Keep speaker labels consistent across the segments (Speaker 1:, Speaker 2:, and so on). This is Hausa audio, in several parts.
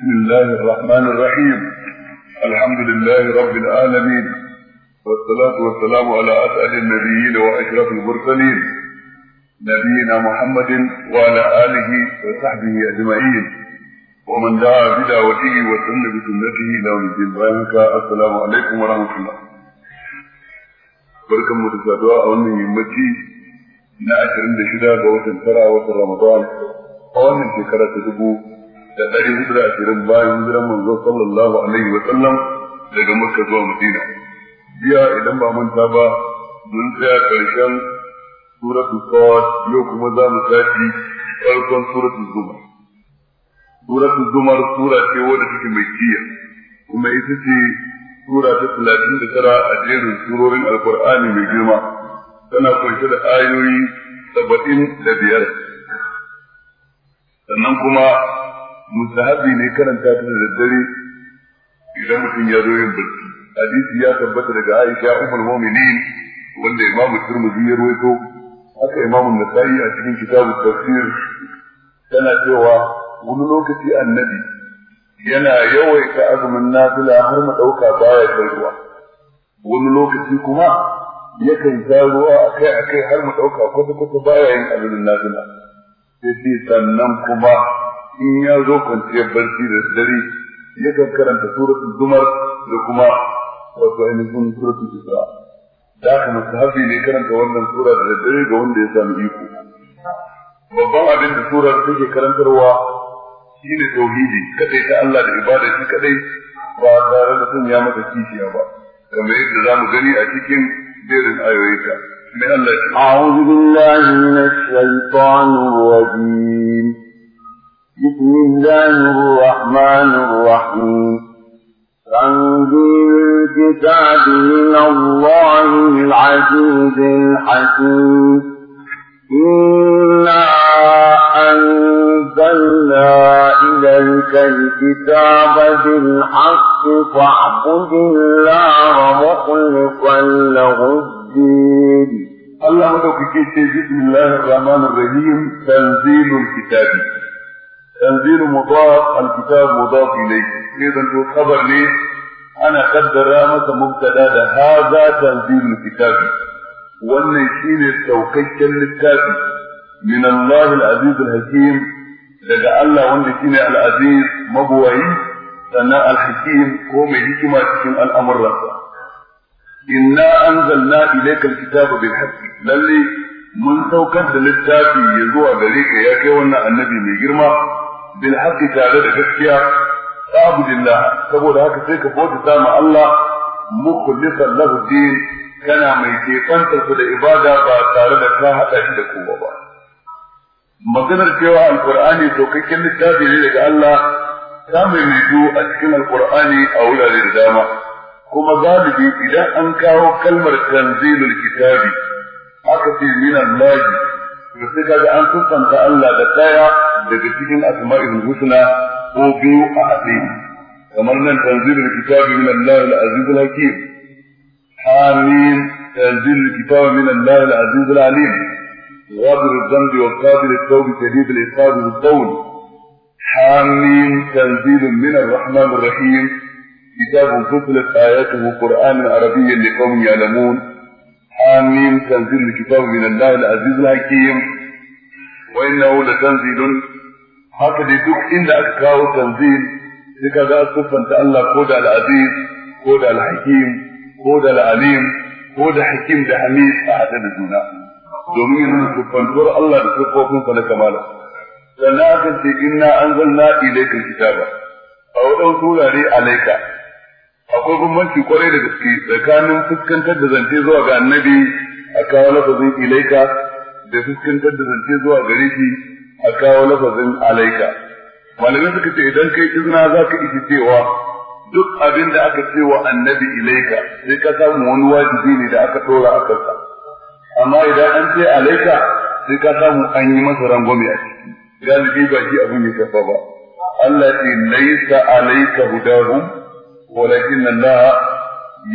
Speaker 1: بسم الله الرحمن الرحيم الحمد لله رب العالمين والصلاة والسلام على أسأل النبيين وأشرف المرسلين نبينا محمد وعلى آله وصحبه أجمعين ومن دعا بدعوته وسن بسنته إلى يوم الدين السلام عليكم ورحمة الله بركة mu da يمتي من wannan yammaci na الفرع da رمضان ga watan tara da ɗari hudura da ashirin bayan hudura manzo sallallahu alaihi wa sallam daga Makka zuwa Madina. Jiya idan ba manta ba mun tsaya ƙarshen suratul Sawat yau kuma za mu tashi farkon suratul Zumar. Suratul Zumar sura ce wadda take mai jiya kuma ita ce sura ta talatin da tara a jerin surorin Alƙur'ani mai girma tana kunshe da ayoyi saba'in da biyar sannan kuma mustahabi ne karanta ta da dare. idan mutum ya zo yin barci hadisi ya tabbata daga Aisha ummul mu'minin wanda Imam Tirmidhi ya rawaito haka Imam Nasa'i a cikin kitabu tafsir tana cewa wani lokaci annabi yana yawaita azumin nafila har mu dauka baya karbuwa wani lokaci kuma yakan ja ruwa akai akai har mu dauka kwata kwata baya yin azumin nafila sai sannan kuma in ya zo kwanciyar barci da dare ya kan karanta suratul zumar da kuma wato ainihin suratul isra da masu hafi ne karanta wannan sura da dare ga wanda ya sami iko babban abin da surar take karantarwa shine tauhidi kadai ta Allah da ibada shi kadai ba tare da sun ya maka kishiya ba kamar yadda zamu gani a cikin jerin ayoyinka من الله أعوذ بالله من الشيطان الرجيم بسم الله
Speaker 2: الرحمن الرحيم تنزيل الكتاب من الله العزيز الحكيم إنا أنزلنا إليك الكتاب بالحق فاعبد الله
Speaker 1: مخلصا له الدين الله مدوكك بسم الله الرحمن الرحيم تنزيل الكتاب تنزيل مضاف الكتاب مضاف إليه إذا تو خبر لي أنا قدر مس مبتدا هذا تنزيل الكتاب wannan shi ne saukakken littafi min Allah al-Aziz al-Hakim daga Allah wanda shi ne al-Aziz mabuwayi sannan al ko mai hikima cikin al'amuransa. Ina an zalna ilaika kitaba bil haqqi lalle mun saukar da littafi ya zuwa gare ka ya kai wannan annabi mai girma bil haqqi tare da gaskiya ta'budillah saboda haka sai ka bauta ma Allah mukhlishan lahu din kana mai kefantar da ibada ba tare da ka hada shi da kowa ba maganar cewa alqur'ani saukakken littafi ne daga Allah ta mai biyu a cikin alqur'ani a wurare da dama kuma galibi idan an kawo kalmar tanzilul kitabi aka ce min Allah sai kaga an tuffanta Allah da tsaya daga cikin asma'il husna ko biyu a hadin kamar nan tanzilul kitabi min Allah al-aziz al-hakim hamim tanzilul kitabi min Allah al-aziz al-alim غابر الذنب وقابل التوب شديد العقاب بالقول حاميم تنزيل من الرحمن الرحيم كتاب فصلت آياته قرآن عربيا لقوم يعلمون آمين تنزيل الكتاب من الله العزيز الحكيم وإنه لتنزيل هكذا duk inda aka kawo tanzil sai ka ga siffanta Allah ko da al ko da al-hakim ko da al ko da hakim da hamid a hada da juna domin yin siffantuwar na kamala sannan aka ce kitaba a wadansu wurare alaika akwai bambanci kwarai da gaske tsakanin fuskantar da zance zuwa ga annabi a kawo lafazin ilaika da fuskantar da zance zuwa gare shi a kawo lafazin alaika malamai suka ce idan kai izina za ka iji cewa duk abin da aka ce wa annabi ilaika sai ka samu wani wajibi ne da aka ɗora a kansa amma idan an ce alaika sai ka samu an yi masa rangwame a ciki galibi ba shi abin ya shafa ba Allah ce laisa alaika hudahum ولكن الله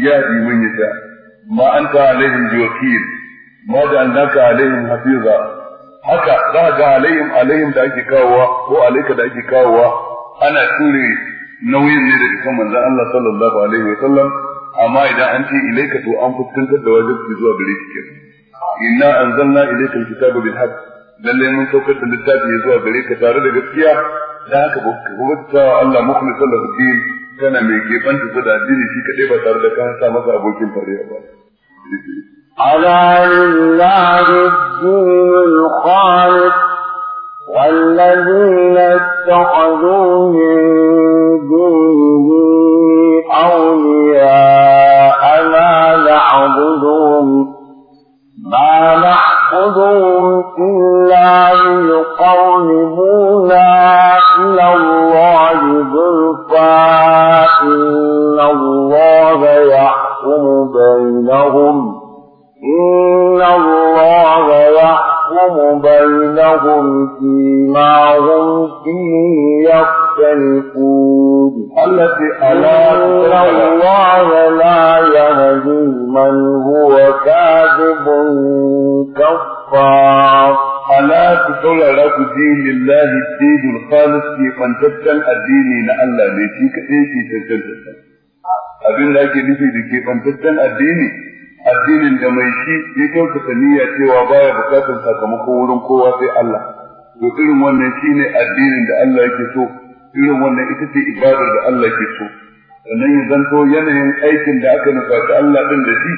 Speaker 1: يهدي من يشاء ما أنت عليهم بوكيل ما جعلناك عليهم حفيظا haka za ga alayhim alayhim da ake kawowa ko alayka da ake kawowa ana ture nauyin ne da kan manzon Allah sallallahu alaihi wa sallam amma idan an ce ilayka to an fuskantar da wajibi zuwa gare ki kenan inna anzalna ilayka alkitaba bil haqq lalle mun saukar da littafi zuwa gare ka tare da gaskiya da haka ba ka Allah mukhlishan lahu din tana mai kebanta su da addini shi kaɗai ba tare da ka sa masa abokin tarayya ba.
Speaker 2: ألا لله الدين الخالق والذين اتخذوا من دونه أولياء ما نعبدهم ما نعبدهم إلا ليقربونا إلى الله زلفى إن الله يحكم بينهم إن الله يحكم بينهم فيما هم فيه يختلفون التي ألا إن الله لا يهدي
Speaker 1: من هو كاذب كفار ku saurara ku ji lillahi dinul khalis ke fantaccen addini na Allah ne shi kaɗai ke tantance abin da ake nufi da ke fantaccen addini addinin da mai shi ya kyautata niyya cewa baya bukatar sakamako wurin kowa sai Allah to irin wannan ne addinin da Allah yake so irin wannan ita ce ibadar da Allah yake so sannan ya zanto yanayin aikin da aka nufa Allah ɗin da shi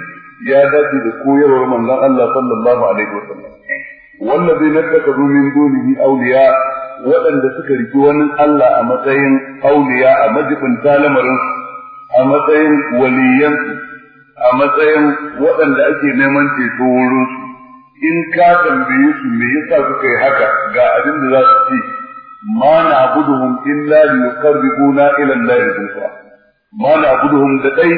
Speaker 1: ya dace da koyarwar manzon Allah sallallahu alaihi wa sallam. zai na ka min dunihi auliya waɗanda suka riki wani Allah a matsayin auliya a majibin talamarin a matsayin waliyan a matsayin waɗanda ake neman ceto wurinsu in ka tambaye su me yasa suka yi haka ga abin da za su ci? ma na buduhum illa yuqarribuna ila Allah zulfa ma na buduhum da dai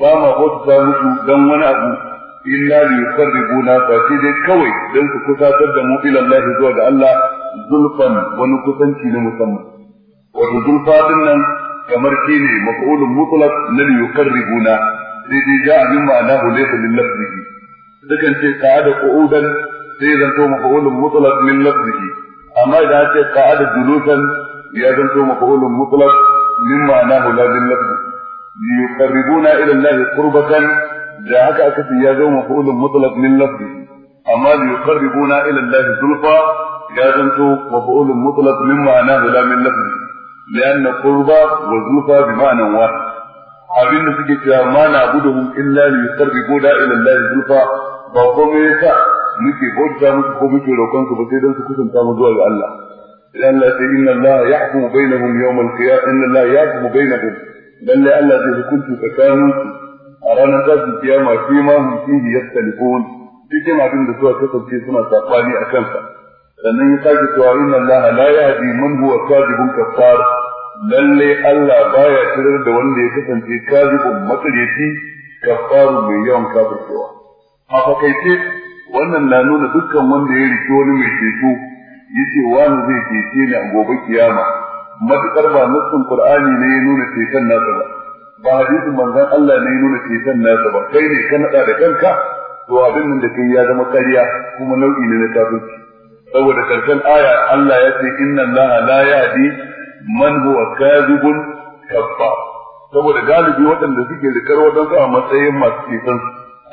Speaker 1: ba ma hotsa musu dan wani abu illa li yuqarribuna fa sai dai kawai dan su kusatar da mu ila Allah zuwa ga Allah zulfan wani kusanci na musamman wato zulfa din nan kamar shine maf'ulun mutlaq na li yuqarribuna sai dai ja'a min ma'anahu laysa lil lafzihi dukan ce qa'ada qu'udan sai zanto maf'ulun mutlaq min lafzihi amma idan ce qa'ada julusan ya zanto maf'ulun mutlaq min ma'ana ma'anahu la lil lafzihi yuqarribuna ila Allah qurbatan da haka aka ce ya zama mafulun mutlaq min lafzi amma bi yuqarribuna ila Allah zulfa ya zanto mafulun mutlaq min ma'ana la min lafzi لأن قربة وزلفة بمعنى واحد abin da suke cewa ma na guduhum illa li yuqarribuna ila Allah zulfa ba komai yasa muke bauta musu ko muke roƙon su ba dan su kusanta mu zuwa ga Allah idan Allah Allah yahkumu bainahum tsakanin a ranar zafin kiyama fi ma hum fihi duk cikin abin da suka kasance suna sabani a kansa sannan ya sake cewa inna Allah la haɗi man huwa kajibin kafar lalle Allah baya tirar da wanda ya kasance kajibin matsalici kafaru mai yawan kafircewa a fakaice wannan na nuna dukkan wanda ya rike wani mai ceto ce wani zai cece ni a gobe kiyama matukar ba nufin Kur'ani ne ya nuna ceton nasa ba ba hadisin manzan Allah ne nuna ceton nasa ba kai ne ka nada da kanka to abin nan da kai ya zama ƙarya kuma nau'i ne na kafirci saboda karshen aya Allah ya ce inna Allah la yahdi man huwa kadhibun kaffa saboda galibi waɗanda suke rikar waɗansu a matsayin masu ceton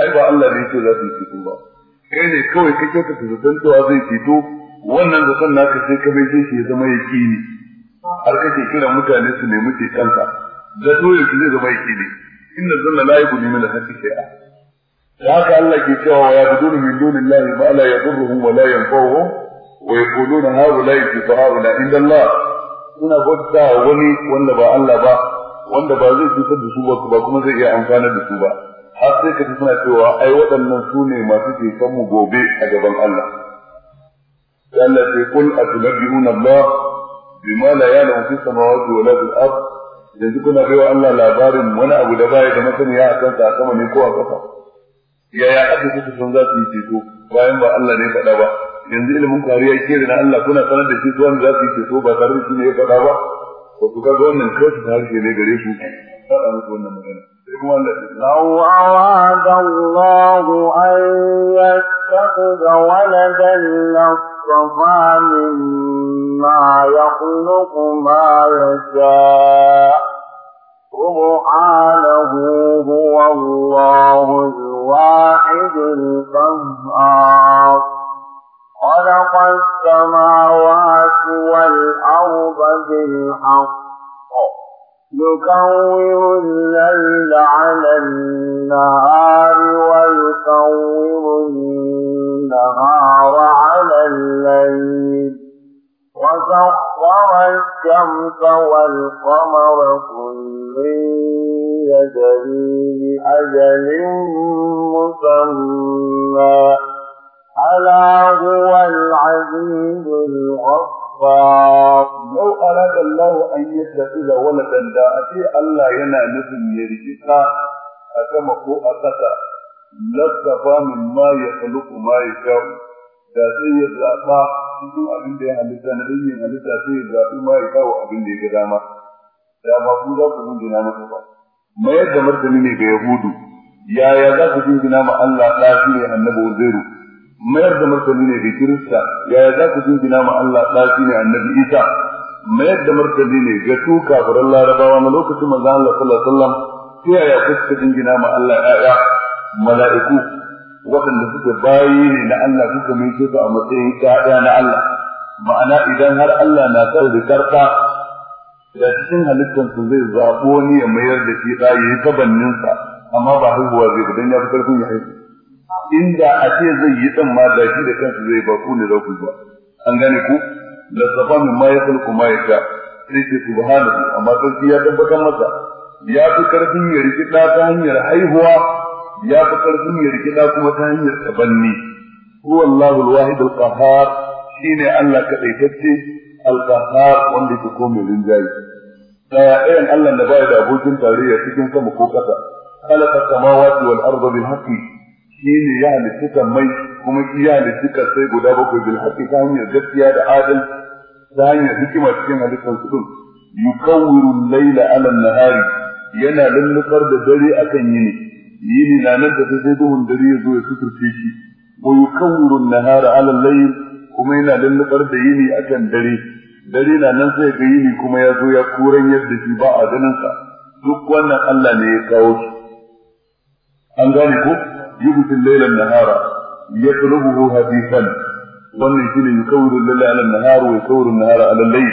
Speaker 1: ai ba Allah ne ce za su ceto ba kai ne kawai kake ka zaton cewa zai fito? wannan da san naka sai ka bai shi ya zama ne. har kake kiran mutane su nemi kanka. zato ya zai zama yake ne inna zanna la yughni na al-haqqi shay'a da haka Allah ke cewa wa yabudun min dunillahi ma la yadurruhum wa la yanfa'uhum wa yaquluna haula yatfara'una inda Allah suna bauta wani wanda ba Allah ba wanda ba zai cutar da su ba ba kuma zai iya amfana da su ba har sai ka ji suna cewa ai waɗannan su ne masu ke mu gobe a gaban Allah Allah ce kul atunabbi'una Allah bima la ya'lamu fi samawati wa la fil ardh yanzu kuna baiwa Allah labarin wani abu da baya da masaniya a kansa a kama ne ko a kafa yaya aka kuka san za su yi ceto bayan ba Allah ne faɗa ba yanzu ilimin kariya ke na Allah kuna sanar da shi su wani za su yi ceto ba tare da shi ne ya faɗa ba ko ku kaga wannan kawai ta harshe ne gare su faɗa musu wannan magana لو أراد
Speaker 2: الله أن يتخذ ولدا لصالح واصطفى مما يخلق ما يشاء سبحانه هو الله الواحد القهار خلق السماوات والأرض بالحق يكور الليل على النهار ويكور النهار على الليل وسخر الشمس والقمر كل يجري لأجل مسمى ألا هو
Speaker 1: العزيز الغفور لو أراد الله أن يتخذ ولدا دا أتي الله ينا نفن يرجع أكما min ma ya مما يخلق ما يشاء da sai ya zaɓa cikin abin da ya halitta na ɗin yin halitta sai ya zaɓi ma ya kawo abin da ya ga dama da ku za ku jingina masa ba mayar da martani ne ga yahudu yaya za ku jingina ma Allah ɗa ne annabi mayar da martani ne ga kirista yaya za ku jingina ma Allah ɗaci ne annabi isa mayar da martani ne ga su kafiran larabawa na lokacin manzo Allah sallallahu alaihi wasallam ta yaya kuka jingina ma Allah ya'ya mala'iku waɗanda suke bayi ne na Allah suka mai su a matsayin ƴaƴa na Allah ma'ana idan har Allah na sa da karɓa da cikin halittar su zai zaɓo ne ya mayar da shi ɗa ya yi banninsa, amma ba haihuwa zai dan ya fi ƙarfin ya haihu inda a ce zai yi ɗan ma da shi da kansu zai ba ku ne za ku ba an gane ku da safa min ma yakhluqu ma yasha sai ce subhanahu amma sarki ya tabbatar masa ya fi karfin ya riki ta hanyar haihuwa ya fi karfin ya riki kuma ta hanyar tabanni huwa wallahu al-wahid qahhar shine Allah dai al-qahhar wanda yake komai rinjayi daya ɗayan Allah da baya da abokin tarayya cikin sama ko ƙasa خلق السماوات والأرض بالحق shi ne ya halitta mai, kuma shi ya halitta sai guda bakwai bil haƙi ta hanyar gaskiya da adal ta hanyar hikima cikin halittar su yukawwiru al laila 'ala nahari yana lullukar da dare akan yini yini na nan da sai duhun dare ya zo ya suturce shi wa yi an-nahara 'ala al-layl kuma yana lullukar da yini akan dare dare na nan sai ga yini kuma ya zo ya kuran yadda shi ba a ganin sa duk wannan Allah ne ya kawo shi an gane ko lailan nahara. Ya يغشي الليل Wannan يطلبه حديثا ومن حين يكور الليل على النهار ويكور النهار على الليل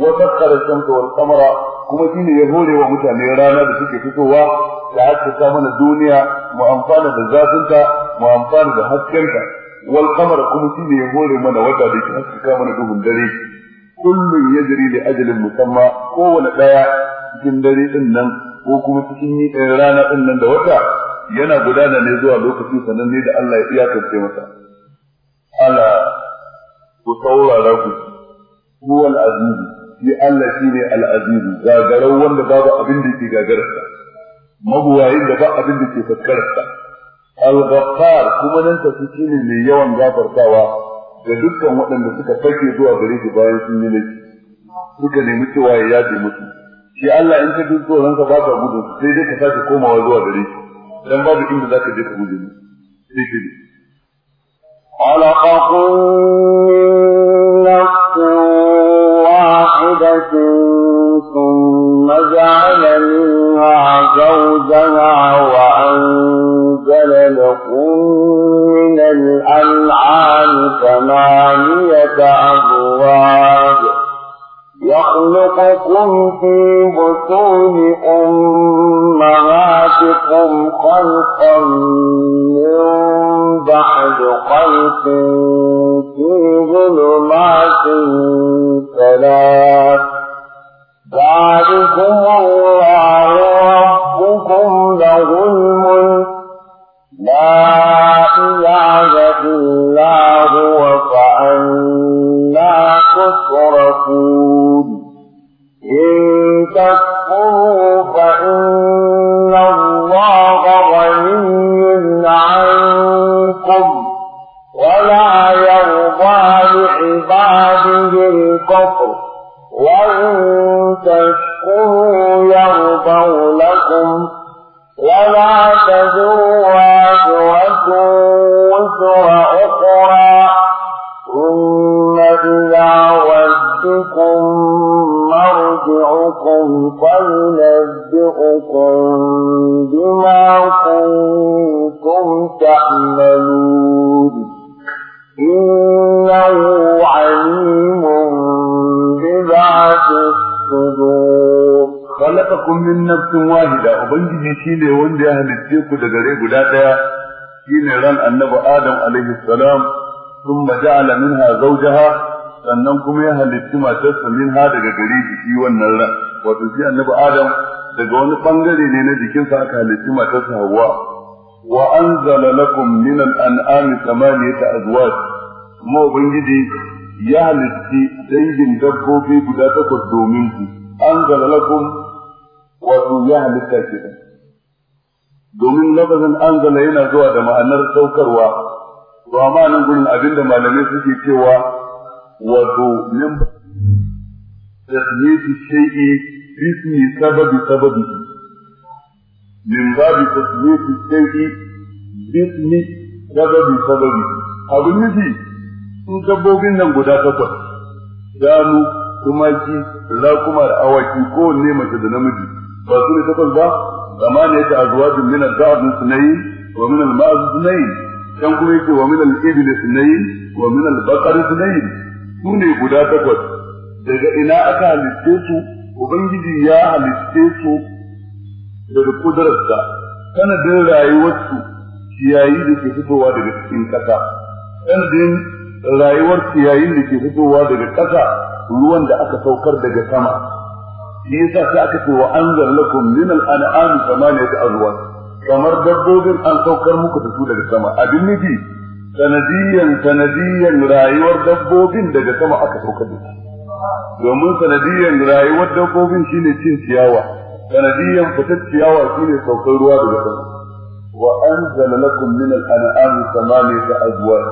Speaker 1: وسخر الشمس والقمر kuma shine ya hore wa mutane rana da suke fitowa da haskaka mana duniya mu amfana da zafinta mu amfana da haskenta wal qamar kuma shine ya hore mana wata da ke haskaka mana duhun dare kullun yajri li ajalin musamma kowane daya cikin dare din nan ko kuma cikin rana din nan da wata yana gudana ne zuwa lokaci sannan ne da Allah ya iyakance masa ala ku saurara ku huwal aziz shi Allah ne al aziz gagarau wanda babu abin da ke gagararsa maguwayin da ba abin da ke fuskararsa. al ghaffar kuma nan ta ne mai yawan gafartawa ga dukkan waɗanda suka fake zuwa gare shi bayan sun yi laifi suka nemi cewa ya yafe musu shi Allah in ka ji tsoron ba ka gudu sai dai ka sake komawa zuwa gare shi dan babu inda za ka je ka guje mu sai ke ne
Speaker 2: خلقكم من نفس واحدة ثم جعل منها زوجها وأنزل لكم من الأنعام ثمانية أزواج يخلقكم في بطون أمهاتكم خلقا من بعد خلق في ظلمات ثلاث ذلكم الله ربكم له الملك لا
Speaker 1: uku da gare guda daya shine ran annabi adam alaihi salam sun thumma min ha zawjaha sannan kuma ya halitti matarsa ha daga gare shi wannan ran wato shi annabi adam daga wani bangare ne na jikinsa aka halitti matarsa hawa wa anzala lakum min al-an'ami thamaniyata azwaj kuma ubangiji ya halitti dangin dabbobi guda takwas domin ku anzala lakum wato ya halitta kenan domin lafazin an zala yana zuwa da ma'anar saukarwa ba ma nan gurin abinda malamai suke cewa wato min tasmiyatu shay'i bismi sababi sababi min babi tasmiyatu shay'i bismi sababi sababi abin nufi sun dabbobin nan guda takwas shanu tumaki rakuma da awaki kowanne mace da namiji ba su ne takwas ba ثمانية أزواج من الذهب اثنين ومن الماز اثنين كان كويس ومن الإبل اثنين ومن البقر اثنين ne قدا takwas. daga ina aka halitte su ubangiji ya halitte su daga kudurarsa sanadin rayuwarsu ciyayi da ke fitowa daga cikin ƙasa sanadin rayuwar ciyayin da ke fitowa daga ƙasa ruwan da aka saukar daga sama shi yasa sai aka ce wa anzar lakum min al-an'am samaniyat azwaj kamar dabbobin an saukar muku da su daga sama abin nufi sanadiyan sanadiyan rayuwar dabbobin daga sama aka saukar da
Speaker 2: su
Speaker 1: domin sanadiyan rayuwar dabbobin shine cin ciyawa sanadiyan fitar ciyawa shine saukar ruwa daga sama wa anzala lakum min al-an'am samaniyat azwaj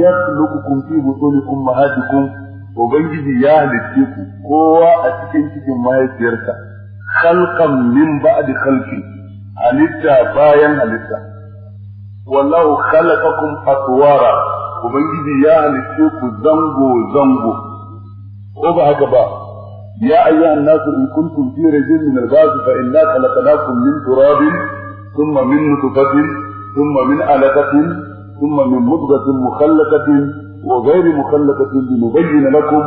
Speaker 1: yakhluqukum fi butunikum mahadikum ubangiji ya halitte ku kowa a cikin cikin mahaifiyarsa khalqan min ba'di khalqi halitta bayan halitta wallahu khalaqakum atwara ubangiji ya halitte ku zango zango ko ba haka ba ya ayyuha an-nas in kuntum fi rajin min al-ba'd fa inna khalaqnakum min turabin thumma min nutfatin thumma min alaqatin thumma min mudghatin mukhallaqatin وغير مخلقة لنبين لكم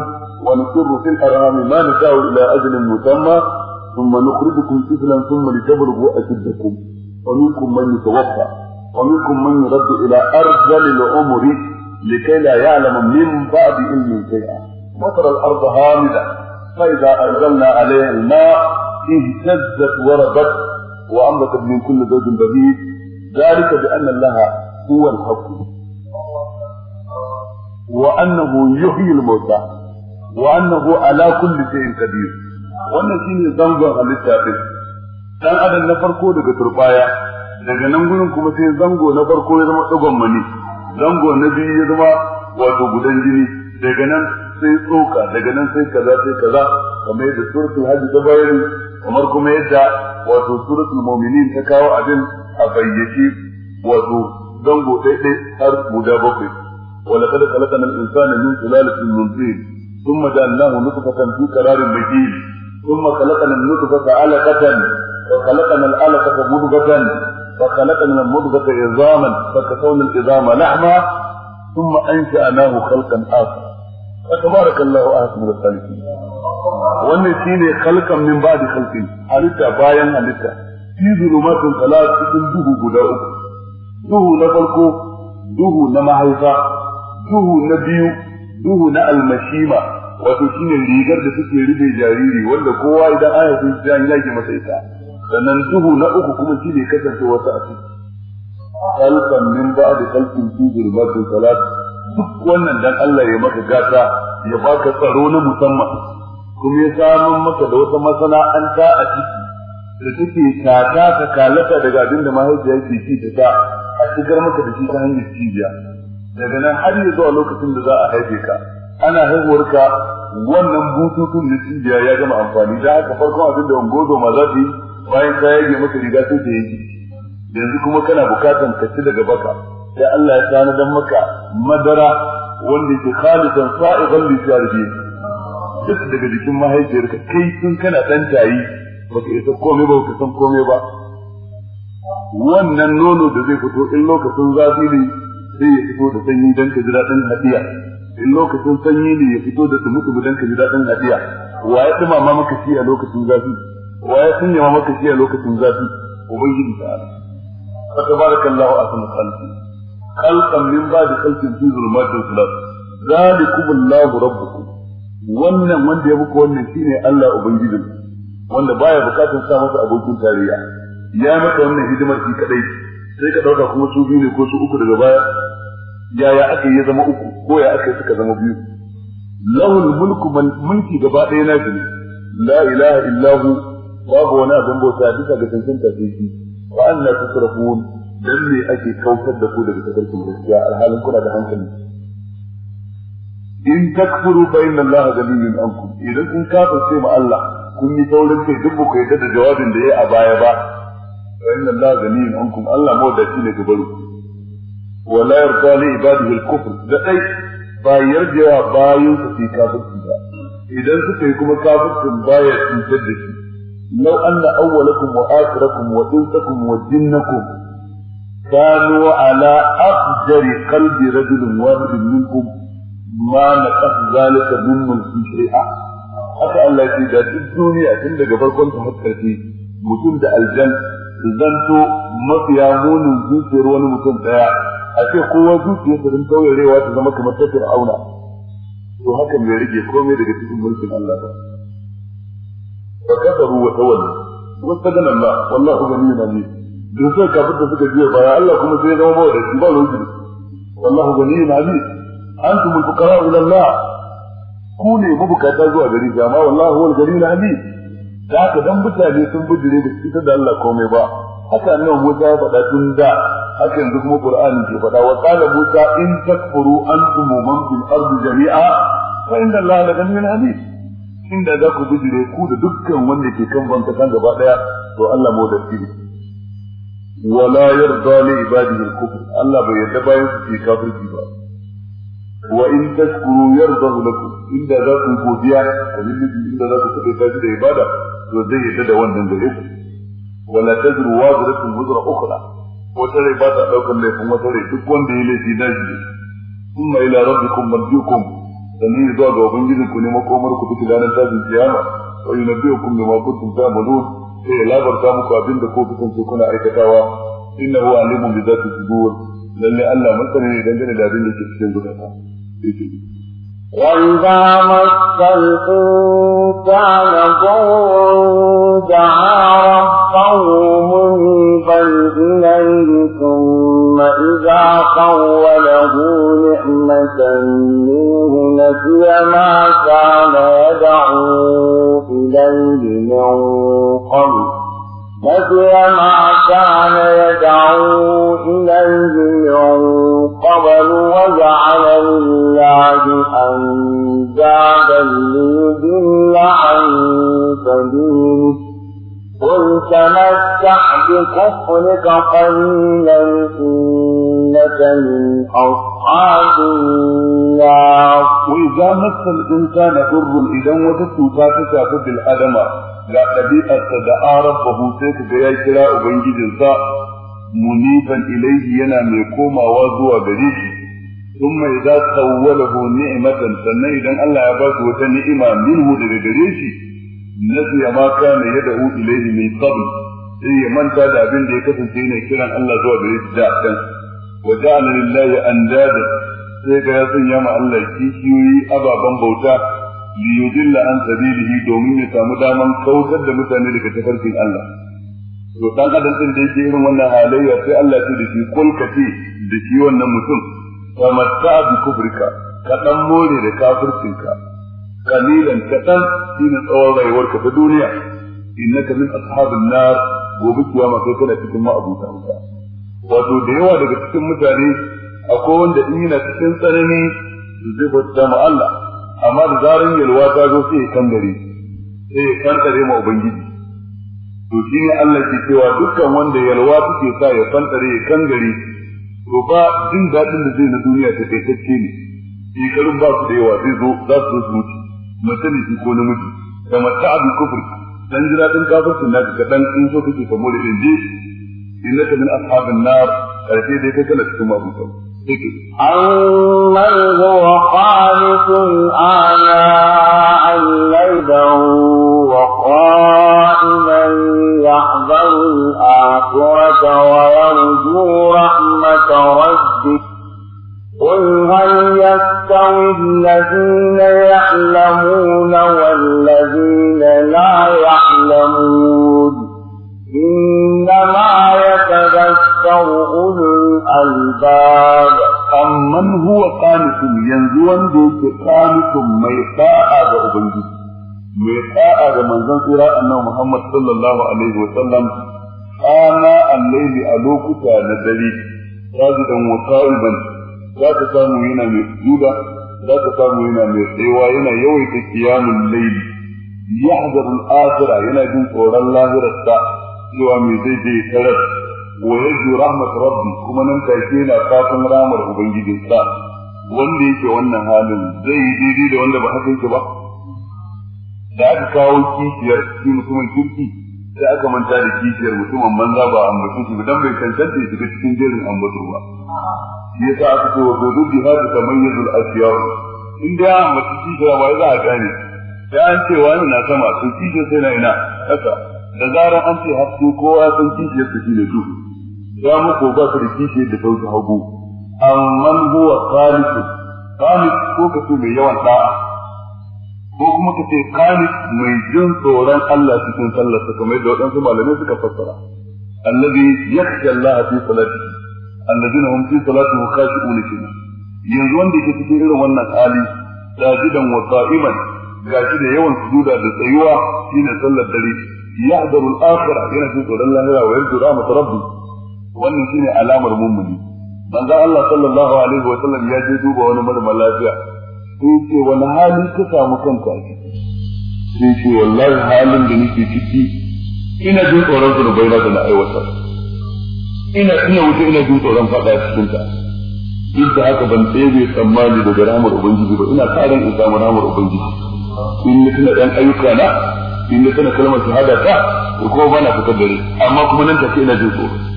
Speaker 1: ونقر في الأرهام ما نشاء إلى أجل مسمى ثم نخرجكم طفلا ثم لتبلغوا أشدكم ومنكم من يتوفى ومنكم من يرد إلى أرجل العمر لكي لا يعلم من بعد علم شيئا وترى الأرض هامدة فإذا أنزلنا عليها الماء اهتزت وربت وأنبتت من كل زوج بديل ذلك بأن الله هو الحق wa annahu yuhyi al-mauta wa annahu ala kulli shay'in qadir wannan shine zangon halitta din dan adam na farko daga turbaya daga nan gurin kuma sai zango na farko ya zama dugon mani zango na biyu ya zama wato gudan jini daga nan sai tsoka daga nan sai kaza sai kaza kamar yadda suratul hajj ta bayani kamar kuma yadda wato suratul mu'minin ta kawo abin a bayyace wato zango daidai har guda bakwai ولقد خلقنا الانسان من سلالة من طين ثم جعلناه نطفة في قرار مكين ثم خلقنا النطفة علقة وخلقنا العلقة مضغة وخلقنا المضغة عظاما فكسونا العظام لحما ثم انشأناه خلقا اخر فتبارك الله احسن الخالقين wannan shine khalqan min ba'di khalqin halitta bayan halitta fi zulumatin salat cikin duhu guda uku duhu na farko duhu na mahaifa duhu na biyu duhu na almashima wato shine rigar da suke rufe jariri wanda kowa idan an haifi shi an yage masa ita sannan duhu na uku kuma shine kasance wata a ciki kalkan min ba da kalkin fi gurbatin salat duk wannan dan Allah ya maka gata ya baka tsaro na musamman kuma ya samu maka da wata masana'anta a ciki da take tata ta kalata daga abin da mahaifiya ke ci ta a shigar maka da shi ta hanyar cibiya daga nan har yi zuwa lokacin da za a haife ka ana haihuwar ka wannan bututun na cibiya ya gama amfani da haka farkon abin da ungozo ma za su yi bayan ka yage maka riga sai ta yanki yanzu kuma kana bukatan ka ci daga baka sai Allah ya don maka madara wanda ke khalisan sa'iban li sharibi duk daga jikin mahaifiyarka kai tun kana dan tayi baka isa komai ba baka san komai ba wannan nono da zai fito in lokacin zafi ne sai ya fito da sanyi dan ka ji daɗin hadiya in lokacin sanyi ne ya fito da mutu dan ka ji daɗin hadiya wa ya ma maka shi a lokacin zafi wa ya ma maka shi a lokacin zafi ubangiji ala fa tabarakallahu asma khalqi khalqan min ba'di khalqin fi zulmatil thalath zalikum rabu rabbukum wannan wanda ya buka wannan shine Allah ubangijin wanda baya bukatar sa masa abokin tarayya ya maka wannan hidimar shi kadai sai ka dauka kuma su biyu ne ko su uku daga baya Ya ya aka yi zama uku ko ya aka suka zama biyu lahul mulku man mulki gaba ɗaya na shi la ilaha illahu babu wani abin bauta duka ga tantan shi wa anna tusrafun dan ne ake kautar da ku daga tafarkin gaskiya alhalin kuna da hankali in takfuru fa inna allaha ghaniyyun ankum idan kun sai ma Allah kun yi saurin kai duk ku yadda da jawabin da yayi a baya ba fa inna allaha ghaniyyun ankum Allah mawdaci ne baro. wala yarda li ibadihi al-kufr da dai ba yarda wa bayin su fi kafirci ba idan suka yi kuma kafircin baya cutar da shi law anna awwalakum wa akhirakum wa insakum wa jinnakum كانوا على أفجر قلب رجل واحد منكم ما نقص ذلك من ملك شيئا haka Allah ce da duk duniya tun daga farkon ta har mutum da aljan zanto mafiya munin zuciyar wani mutum daya a ce kowa zuciya ta rin taurarewa ta zama kamar ta fir'auna to haka mai rage komai daga cikin mulkin Allah ba fa kafaru wa tawallu wa sadana Allah wallahu na alim duk sai kafin da suka jiya baya Allah kuma sai zama ba da ba ruhi wallahu ghaniyyun An antum su fuqara ila na? ku ne mabukata zuwa gari wallah wallahu gani na ne da haka dan mutane sun bujire da cikin da Allah komai ba haka annabi Musa ya faɗa tun da haka yanzu kuma qur'ani ke faɗa wa qala musa in takfuru antum man fil ardi jami'a fa inna allaha la ghaniyyun hamid inda za ku bijire ku da dukkan wanda ke kan banka kan gaba daya to Allah mu da shi wala yarda li ibadihi al-kufr Allah bai yarda bayan su ke kafirci ba wa in tashkuru yardahu lakum inda za ku godiya da lilli inda za ku tabbata da ibada to zai yarda da wannan gare ku wala tazru wazratun wazra ukhra wata rai ba ta daukar laifin wata rai duk wanda ya laifi na shi kuma ila rabbikum marjiukum sannan zuwa ga ubangijin ku ne makomar ku take ranar tashin kiyama wa yunabbiukum bima ta ta'malun sai ya labarta muku abin da ko kusan kuna aikatawa innahu alimun bi dhati sudur lalle Allah masani ne dangane da abin da ke cikin zukata yake
Speaker 2: وإذا
Speaker 1: مس الإنسان ضر
Speaker 2: دعا ربه منيبا إليه ثم إذا خوله نعمة منه نسي ما كان يدعو إليه من قبل نسي ما كان يدعو إليه من وجعل الله أندادا ليضل عن سبيله قل تمتع بكفرك قليلا
Speaker 1: إنك من
Speaker 2: أصحاب
Speaker 1: النار وإذا مس الإنسان ضر إذا وجدت تاتك بالأدم ga ɗabi'arsa da arar bahu sai ka ga ya kira ubangijinsa muniban ilaihi yana mai komawa zuwa gare shi ثم إذا خوله نعمة سنة إذا الله يباك وتنعمة منه دقريشي نسي ما كان يدعو إليه من قبل إيه من تاد أبن دي كتن سينا كلا الله زوى بريد جاءتا وجعل لله أندادا سيكا يسن يما الله كيشيوي أبا بمبوتا ليدل عن سبيله دومين يتامدا من كوتد متامي لك تفرقين الله to dan adam din da yake irin wannan halayya sai Allah ya ce da shi kul kace da shi wannan mutum wa matta'a bi kufrika ka dan more da kafircinka kalilan kadan shine tsawon rayuwarka ta duniya innaka min ashabin nar gobe kiyama kai kana cikin ma'abuta wuta wato da yawa daga cikin mutane akwai wanda in yana cikin tsanani zai bauta ma Allah amma da zarin yalwa ta zo sai ya kangare sai ya kankare ma ubangiji to shi ne Allah ke cewa dukkan wanda yalwa suke sa ya kankare ya kangare to ba jin daɗin da zai na duniya ta taitacce ne shekarun ba su da yawa zai zo za su zo su mutu mace ne shi ko namiji da mace abin kufur dan jira din kafircin ga kaɗan in so kake ka da inji innaka min ashabin nar karfe dai kai kana cikin mabukan
Speaker 2: أمن هو خالق آناء الليل وقائما يحذر الآخرة ويرجو رحمة ربه قل هل يستوي الذين يعلمون والذين لا يعلمون yatawo
Speaker 1: ulul albab amman huwa qanitun yanzu wanda yake qanitun mai sa'a ga ubangiji mai sa'a ga manzon tsira annabi Muhammad sallallahu alaihi wa sallam ana allahi a lokuta na dare ya ji dan mutaiban za ka samu yana mai juda za ka samu yana mai tsayuwa yana yawaita kiyamun laifi. yahzarul akhirah yana jin tsoron lahirarsa cewa me zai je karar wa yarju rahmat rabbi kuma nan take na fatan ramar ubangijin sa wanda yake wannan halin zai yi daidai da wanda ba haka yake ba da aka kawo kishiyar shi mutumin kirki sai aka manta da kishiyar mutumin banza ba a ambaton shi dan bai cancanta ya shiga cikin jerin ambatu ba shi yasa aka ce wa bai rubi hadu tamayyuzul asiyar in da an mutu kishiyar ba za a gane sai an ce wani na sama to kishiyar sai na ina haka da zarar an ce haske kowa san kishiyar su shine duhu dama ko ba su da kishi da sauki hagu amman huwa qanitu qanit ko ka ce mai yawan da'a ko kuma ka ce qanit mai jin tsoron Allah cikin sallar sa kamar yadda waɗansu malamai suka fassara alladhi yakhsha Allah fi salatihi alladhina hum fi salatihim khashi'un kina yanzu wanda yake cikin irin wannan hali sajidan wa qa'iman gashi da yawan sujuda da tsayuwa shine sallar dare yahdaru al-akhirah yana jin tsoron lahira wa yarju rahmat rabbi wannan shine alamar mummuni manzo Allah sallallahu alaihi wa sallam ya je duba wani mara lafiya sai ce wani hali ka samu kanka a ciki sai ce wallahi halin da nake ciki ina jin tsoron zunubai na da na aiwatar ina ina wuce ina jin tsoron faɗa cikin ta duk da haka ban tsebe tsammani daga ramar ubangiji ba ina sa ran in samu ramar ubangiji in ni tana ɗan ayyuka na in ni tana kalmar shahada ta ko ba na fitar dare amma kuma nan take ina jin tsoro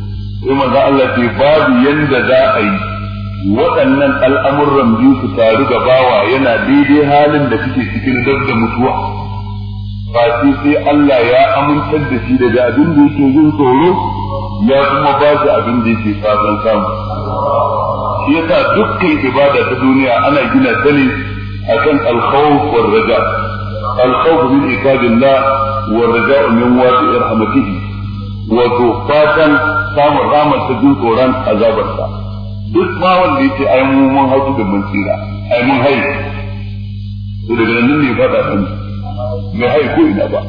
Speaker 1: sai manzo Allah ce babu yanda za a yi waɗannan al'amuran biyu su taru ga bawa yana daidai halin da kake cikin dab da mutuwa ba sai Allah ya amintar da shi daga abin da yake jin tsoro ya kuma ba shi abin da yake fatan samu shi yasa dukkan ibada ta duniya ana gina ta ne akan alkhawf war raja alkhawf min ikadillah war raja min wasi'ir rahmatihi wato fatan samun ramar ta jin tsoron azabarsa duk ma wanda yake ai mu mun hau da mun tsira ai mun hai to daga nan ne fada kan mai hai ko ina ba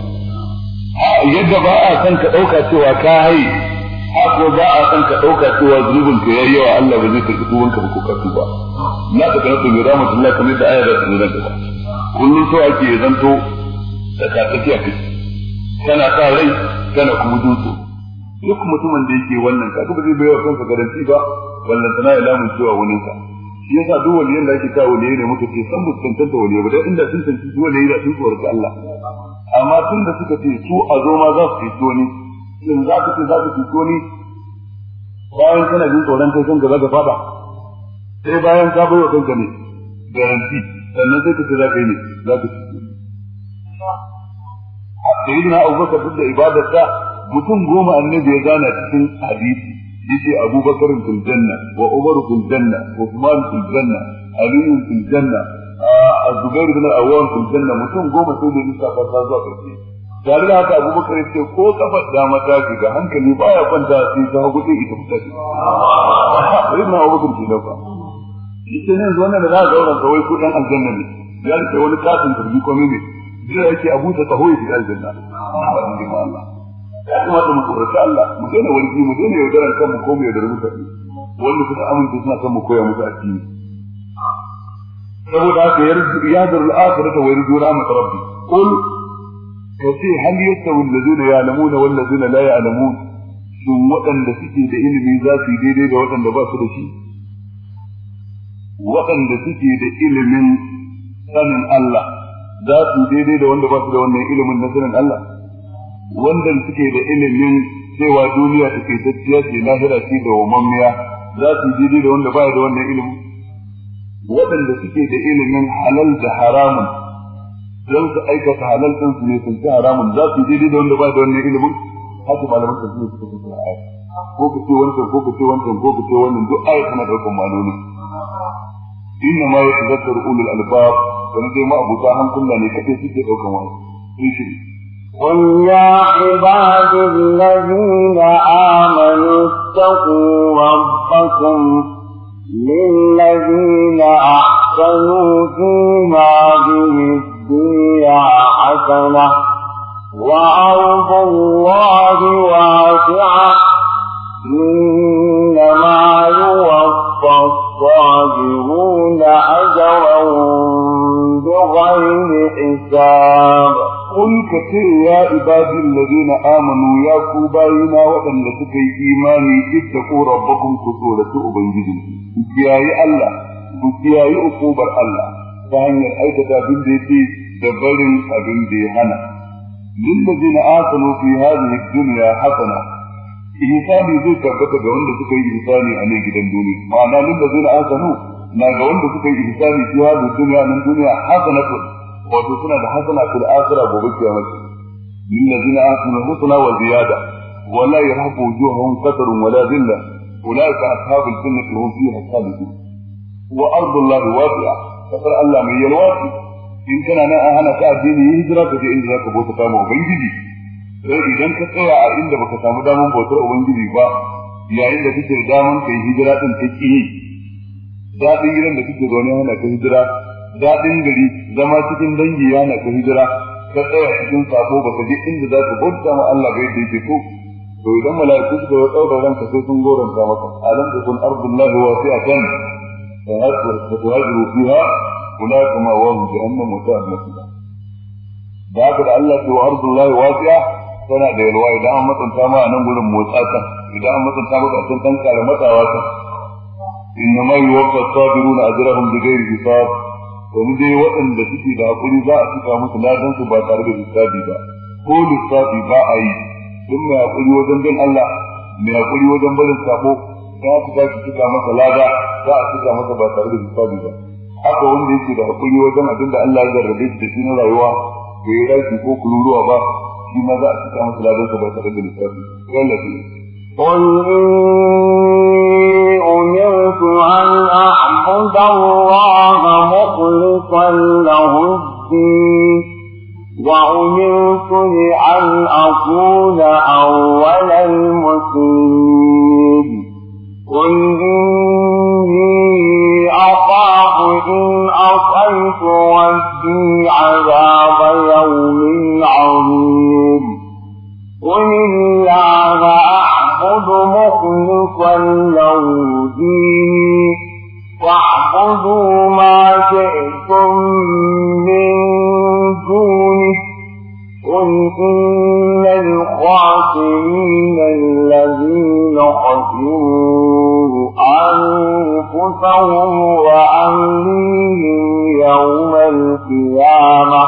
Speaker 1: yadda ba a san ka dauka cewa ka hai ko ba a san ka dauka cewa zubin ka yayi yawa Allah ba zai karɓi tubanka ba ko ka tuba na ka kana tsoron Allah kamar da ayar da ta zo ba kullum ake zanto da ka a kai kana sa rai kana kuma dutse duk mutumin da yake wannan kaga ba zai bayar kansa garanti ba wallan sana ila mun cewa wani ka shi yasa duk waliyan da ake kawo waliyi ne muka ce san mu tantance wani ba dan inda sun tantance waliyi da sun tsoraci Allah amma tun da suka ce su a zo ma za su fito ni in za ka ce za ka fito ni bayan kana jin tsoron kai kanka za ka fada sai bayan ka bayar kanka ne garanti sannan sai ka ce za ka yi ne za ka fito ni a sayyidina abubakar duk da ibadarsa mutum goma annabi ya gana cikin hadisi yace abubakar fil janna wa umar fil janna usman fil janna ali fil janna azubair bin awwam fil janna mutum goma sai da nisa fa ta zuwa karshe tare da haka abubakar ya ce ko kafar dama ta ga hankali baya kwanta sai ta hagu sai ita fita shi ibn abubakar ke dauka yace ne wannan da za a zauren kawai ko dan aljanna ne ya ce wani katin turbi komai ne zai yake abu ta kaho ya shiga aljanna Allah ya kamata mu tsoraci Allah mu daina wargi mu daina yaudaran kanmu ko mu yaudar mutane wanda suka amince suna son mu koya musu addini saboda haka ya yadar al'akhirata wa yarju rahmat rabbi qul kace hal yastawi alladhina ya'lamuna wal ladhina la ya'lamun shin waɗanda suke da ilimi za su yi daidai da waɗanda ba su da shi waɗanda suke da ilimin sanin Allah za su yi daidai da wanda ba su da wannan ilimin na sanin Allah wanda suke da ilimin cewa duniya ta ke tacciya ce lahira ce da wamammiya za su ji da wanda baya da wannan ilimin waɗanda suke da ilimin halal da haramun don su aikata halal ɗin su ne sun ci haramun za su ji da wanda baya da wannan ilimin haka malaman tafsiri suka fi suna ko ku ce wancan ko ku ce wancan ko ku ce wannan duk aya tana ɗaukar maloli inna ma yatazakkaru ulul albab dan dai ma abuta hankula ne kake suke ɗaukar wani sun shiri قل يا عباد الذين آمنوا اتقوا
Speaker 2: ربكم للذين أحسنوا في هذه الدنيا حسنة وأرض الله واسعة إنما يوفى الصابرون أجرا
Speaker 1: بغير حساب kulka ce ya ibadin ladina amanu ya ku bayina waɗanda suka yi imani idda ku rabbakum ku tsorata ubangiji ku kiyayi Allah ku kiyayi ukubar Allah ta hanyar aikata abin da yake da barin abin da ya hana lil ladina amanu fi hadhihi dunya hasana insani zai tabbata ga wanda suka yi insani a nan gidan duniya ma'ana lil ladina na ga wanda suka yi insani fi hadhihi dunya nan duniya hasanatun wato suna da hasana fil akhirah gobe kiyamati lil ladina ahsanu husna wa ziyada wa la yarhabu wujuhahum qatarun wa la dhilla ulaika ashabul jannati hum fiha khalidun wa ardu allahi wasi'a kasar Allah mai yalwati in kana nan an hana ka addini hijira ka je inda zaka bauta kama ubangiji sai idan ka tsaya a inda baka samu daman bautar ubangiji ba yayin da kake da daman kai hijira din take yi daɗin gidan da kake zaune hana ka hijira daɗin gari zama cikin dangi ya na ka hijira ka tsaya cikin sabo ba ka je inda za ka bauta ma Allah ga yadda yake ko? to idan mala'iku suka yi ɗaukar ranka sai sun goranta maka alam takun ardullahi wasi'atan fa hajru fiha هناك ما وهم جهنم a مسيرا da haka da Allah ce wa ardullahi wasiya tana da yalwa idan an matsanta ma a nan gurin motsa ta idan an matsanta ma a can kan kare matsawa ta inna ma yuwaffa sabiruna ajrahum bi hisab domin dai waɗanda suke da hakuri za a cika musu ladan su ba tare da lissafi ba ko lissafi ba a yi duk mai hakuri wajen bin Allah mai hakuri wajen barin sako za a cika shi cika masa lada za a cika masa ba tare da lissafi ba haka wanda yake da hakuri wajen abin da Allah ya jarrabe shi da shi na rayuwa bai yi rashi ko kururuwa ba shi ma za a cika masa ladan sa ba tare da lissafi ba.
Speaker 2: عبد الله مخلصا له الدين وأمرت لأن أكون أول المسلمين قل إني أخاف إن أصيت ربي عذاب الخاسرين الذين خسروا أنفسهم وأهليهم يوم القيامة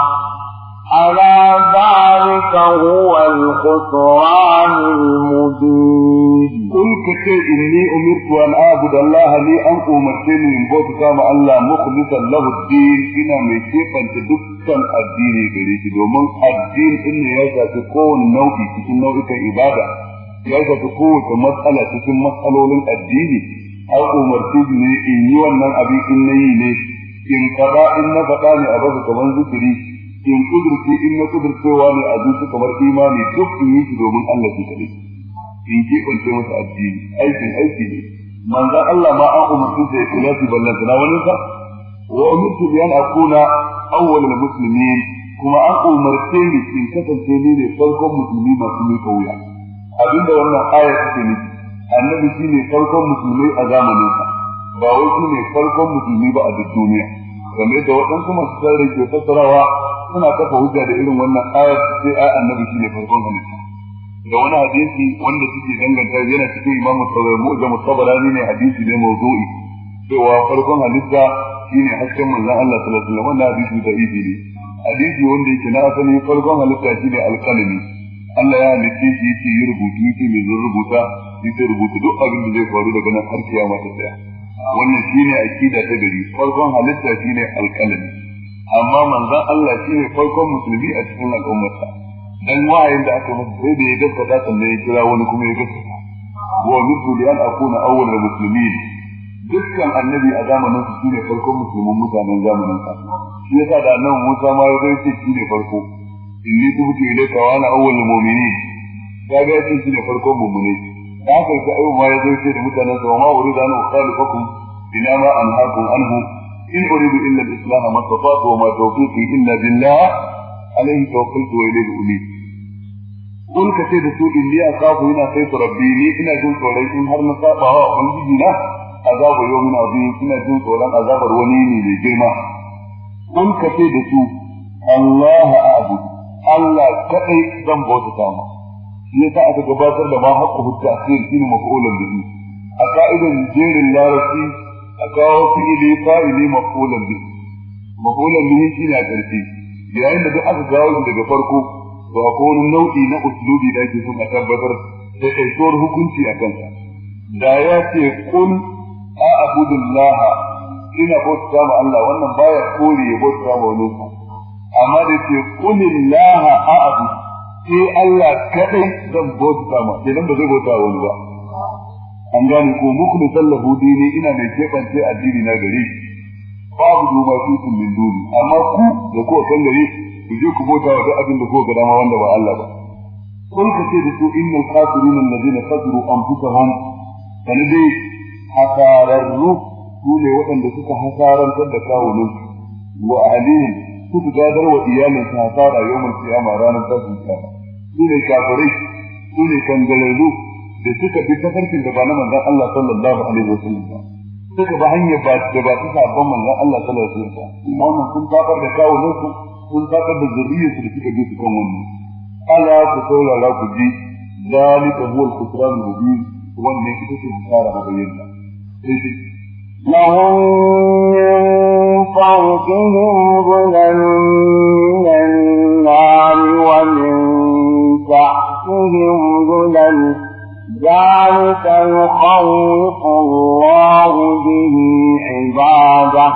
Speaker 2: ألا ذلك هو
Speaker 1: الخسران المبين قل كتي إني أمرت أن أعبد الله لي أن أمرتني من بوت كام الله مخلصا له الدين إنا ميتيقا تدكا الدين إليك دومن الدين إن يجب تكون نوعي تكون نوعك إبادة يجب تكون مسألة تكون مسألة للدين أو أمرتني إني وأن أبي إني ليش in kaza in na faɗa ne a basu kaman zikiri in kudurce in na kudurcewa ne a zuci kamar imani duk in yi shi domin Allah shi kaɗai in ke kwance masa addini aikin aiki ne Manzan Allah ma an umarci da ya kula su ballan sana wani sa wa umirtu bi an akuna awwalul musulmi kuma an umarce ni in kasance ni ne farkon musulmi masu miƙa wuya abinda wannan aya take nufi annabi shine farkon musulmi a zamanin sa ba wai ne farkon musulmi ba a duk duniya kamar da waɗansu masu sarrafa fassarawa suna kafa hujja da irin wannan ayat sai ai annabi shine farkon halitta da wani hadisi wanda suke danganta yana cikin imamu mu'jamu tabarani ne hadisi ne mawdu'i cewa farkon halitta shine hasken manzon Allah sallallahu alaihi wasallam wannan hadisi da ibi ne hadisi wanda yake na asali farkon halitta shine alqalami Allah ya halitta shi yake yi rubutu yake mai zan rubuta yake rubuta duk abin da zai faru daga nan har kiyama ta tsaya wannan shine akida ta gari farkon halitta shine alqalami amma manzan Allah shi ne farkon musulmi a cikin al'ummarsa dan wahayin da aka mutu sai da ya gaskata sannan ya kira wani kuma ya gaskata wa mutu li an akuna awwal muslimin dukkan annabi a zamanin su shine farkon musulmin mutanen zamanin sa shi yasa da nan Musa ma ya zai shi ne farko dubu tubtu ilayka wa ana awwal mu'minin kaga ya shi shine farkon mu'mini da aka sai ayyuba ya zai ce da mutanen sa wa ma uridu an ukhalifakum ila ma anhaakum anhu إن أريد إلا الإصلاح ما استطعت وما توفيقي إلا بالله عليه توكلت وإليه أنيب kun ka ce da su in liya kafu yana kai su rabbi ni ina jin tsoron har na saba wa ubangiji na azabu yawmin azim ina jin tsoron azabar wani ne mai girma kun ka ce da su Allah a'bud Allah kadai zan bauta ta ma aka gabatar da ma a ka'idan jerin larabci a kawo fi'ili ne maf'ulan bi maf'ulan bi shi ne a ƙarshe yayin da duk aka kawo shi daga farko to akwai wani nau'i na uslubi da ake son a tabbatar da ɗaukar hukunci a kansa da ya ce kun a abudullah ina bauta ma Allah wannan baya kore ya bauta ma wani amma da ce kunillaha a abu sai Allah kadai zan bauta ma idan ba zai bauta wani ba an gane ko mukhlisan lahu dini ina mai kebance addini na gare shi babu duma tutun min duni amma ku da ko kan gare ku je ku bota wa duk abin da ko ga dama wanda ba Allah ba kun ka ce da su innal kafirun alladhina qadru anfusahum kana dai hasararru su ne waɗanda suka hasarantar da kawunan wa ahlihim suka gadar wa iyalin su hasara yawmal qiyama ranar tashin kiyama su ne kafirai su ne kangalarru da suka bi tafarkin da ba na manzon Allah sallallahu alaihi wa wasallam ba suka ba hanyar ba da ba su sabon manzon Allah sallallahu alaihi wa sallam kuma wannan sun tabar da kawo nasu sun tabar da zuriyar su da suka bi su kan wannan ala ku saurara ku ji zalika huwa al-qur'an al-mubin wannan ita ce hasara da bayyana لهم من فوقهم
Speaker 2: ظلل من النار ومن تحتهم ظلل ذلك يخوف
Speaker 1: الله به عباده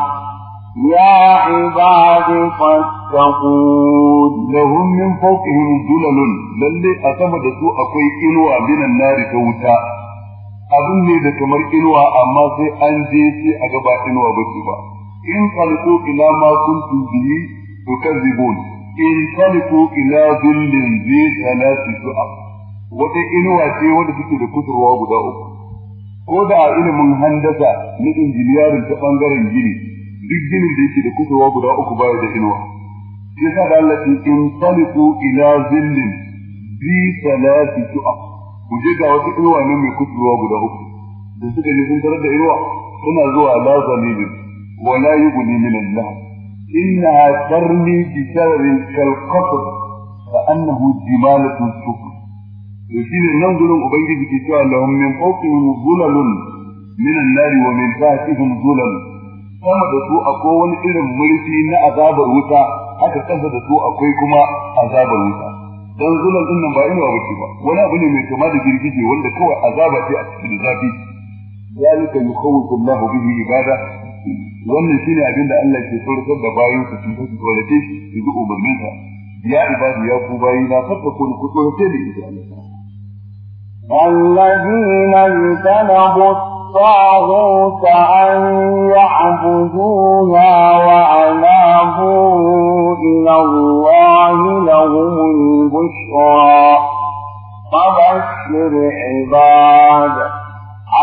Speaker 1: يا عباد فاتقون لهم من فوقهم ظلل للي أتمد سوء أكوي إلوى من النار كوتا abin ne da kamar inuwa amma sai an je sai a gaba inuwa ba ba in falko ila ma kuntum bihi tukazzibun in falko ila dhullin zi salati su'ab wata inuwa ce wanda suke da kusurwa guda uku ko da a ilimin handasa na injiniyarin ta bangaren gini duk ginin da yake da kusurwa guda uku baya da inuwa shi yasa da Allah ce in taliku ila zillin bi salati tu'a ku je ga wata inuwa ne mai kusurwa guda uku da suka je sun tarar da inuwa suna zuwa la zalilin wa la yughni min Allah innaha tarmi bi sharrin kal qatr fa annahu jimalatun sufr to shine nan gurin ubangiji ke cewa lahum min fawqihim zulalun min an-nar wa min tahtihim zulal Kama da su akwai wani irin mulki na azabar wuta haka kasa da su akwai kuma azabar wuta dan zulal din nan ba ina ba ba wani abu ne mai kama da girgije wanda kawai azaba ce a cikin zafi zalika yukhawwifu Allahu bihi ibada wannan shine abin da Allah ke tsoratar da bayin su tun su tsorace shi su umarninsa ya ibadu ya ku bayina fatakun ku tsorace da ita Allah
Speaker 2: الذين اجتنبوا الطاغوت أن يعبدوها وأنابوا إلى الله لهم البشرى فبشر عباد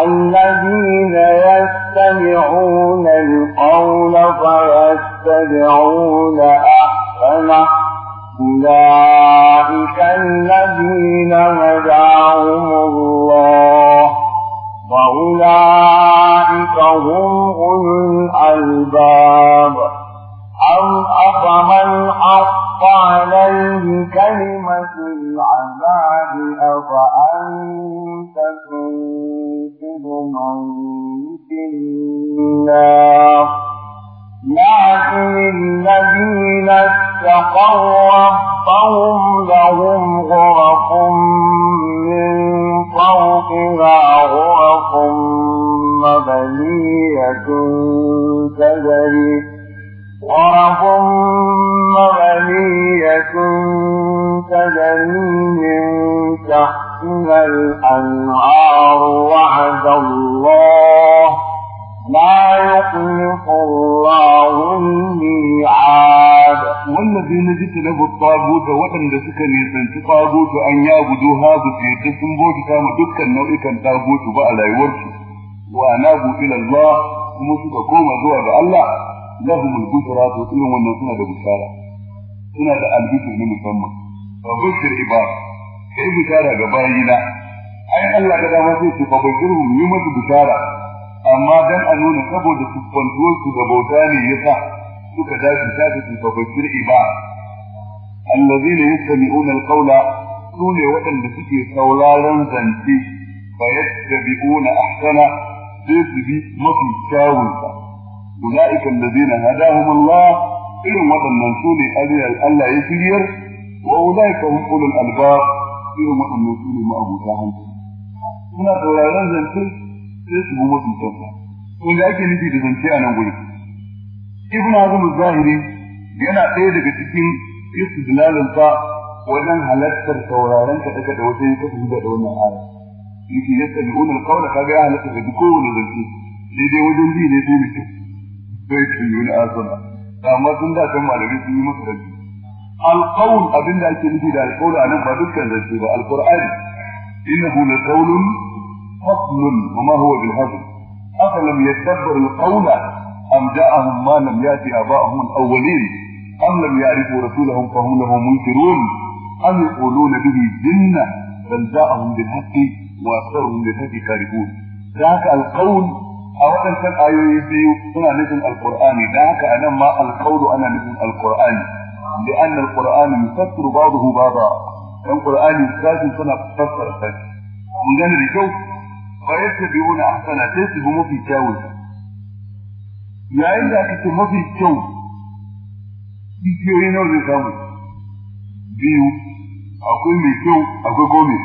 Speaker 2: الذين يستمعون القول فيتبعون أحسنه أولئك الذين هداهم الله وأولئك هم أولو الألباب أم أفمن حق عليه كلمة العذاب أفأنت تنقذ من في النار لكن الذين اتقوا ربهم لهم غرف من فوقها غرف مبنية تجري غرف مبنية تجري من تحتها الأنهار وعد الله
Speaker 1: لا يخلف الله الميعاد والذين له الطاغوت وطن دسك نيسان طاغوت أن يابدو يعبدوها بسيطة سنبوك كما دكا نوئكا طاغوت بقى لا يورسوا وأنابوا إلى الله موسيقى كوما زوا بألا لهم البشرى تطيعوا والنسونا ببشارة هنا ده البشر من مسمى فبشر عباد كيف بشارة قبائلنا أي الله قد أمسيك فبشرهم يمت بشارة amma dan a nuna saboda kuskantuwar su ga bauta ne sa, suka dace ta ba. da tafafin iba allazina yastami'una alqawla sune waɗanda suke sauraron zance fa yattabi'una ahsana sai su bi mafi kyawun sa ulaika allazina hadahum Allah irin waɗannan sune Allah ya shiryar wa ulaika hum ulul albab irin waɗannan sune ma'abuta hankali suna sauraron zance sai su goma tutar sa wanda ake nufi da zance a nan guri ibn azam zahiri yana ɗaya daga cikin istidlalin sa wajen halartar sauraron ka daga da wata ya kasance da wannan aya yake yadda bi ulul qawla kaga ya halatta da kowane zance sai dai wajen ji ne sai mutum sai su yi wani azama amma sun da kan malamai sun yi masa rabi Alƙawun abin da ake nufi da a nan ba dukkan zance ba alqur'ani innahu laqawlun حكم وما هو بالهدف افلم يتدبر القول ام جاءهم ما لم يات اباءهم الاولين ام لم يعرفوا رسولهم فهم له منكرون ام يقولون به جنة بل جاءهم بالحق واكثرهم للحق كارهون ذاك القول او انت الايه يبيو هنا القران ذاك انا ما القول انا نزل القران لان القران يفسر بعضه بعضا القران يستاذن سنه تفسر فيه من ذلك fayattabi'una ahsana sai su bi mafi kyawun yayin da aka ce mafi kyau dukiyoyi nawa zai samu biyu akwai mai kyau akwai mai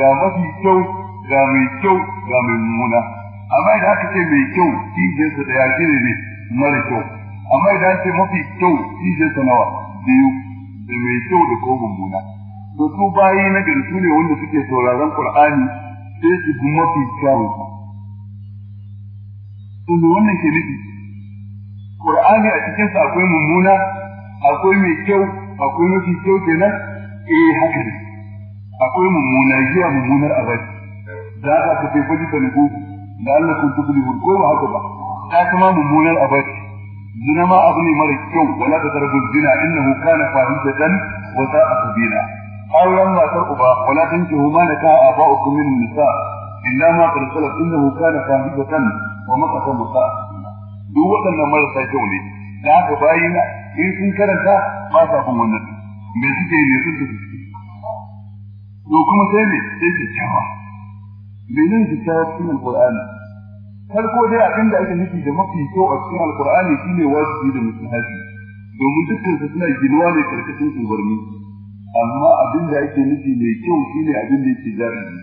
Speaker 1: ga mafi kyau ga mai kyau ga mai mummuna amma idan aka ce mai kyau kijinsa da yaƙi ne ne mara kyau amma idan ce mafi kyau kijinsa nawa biyu da mai kyau da ko mummuna to su bayi na gari su ne wanda suke sauraron Qur'ani sai su bi mafi kyawun to me wannan ke nufi Qur'ani a cikin akwai mummuna akwai mai kyau akwai mafi kyau kenan eh haka ne akwai mummuna jiya mummunar abadi da aka ka fi faji talibu da Allah kun tukuli hun ko ba haka ba ta kama mummunar abadi zina ma abu ne mara kyau wala ta tarbu zina innahu kana fahimtatan wata a kubina. auren matar uba wala na ma naka aba'ukum min nisa illa ma qad salaf innahu kana fahibatan wa maqatan musa duk waɗannan marasa kyau ne da haka bayin in sun karanta ba sa kun wannan me suke ne sun tafi to kuma sai ne sai kyakkyawa menene kyakkyawa cikin alqur'ani farko dai abin da ake nufi da mafi kyau a cikin alqur'ani shine wajibi da mustahabi domin dukkan su suna ginuwa ne karkashin umarni amma abin da yake nufi mai kyau shine abin da yake zarafi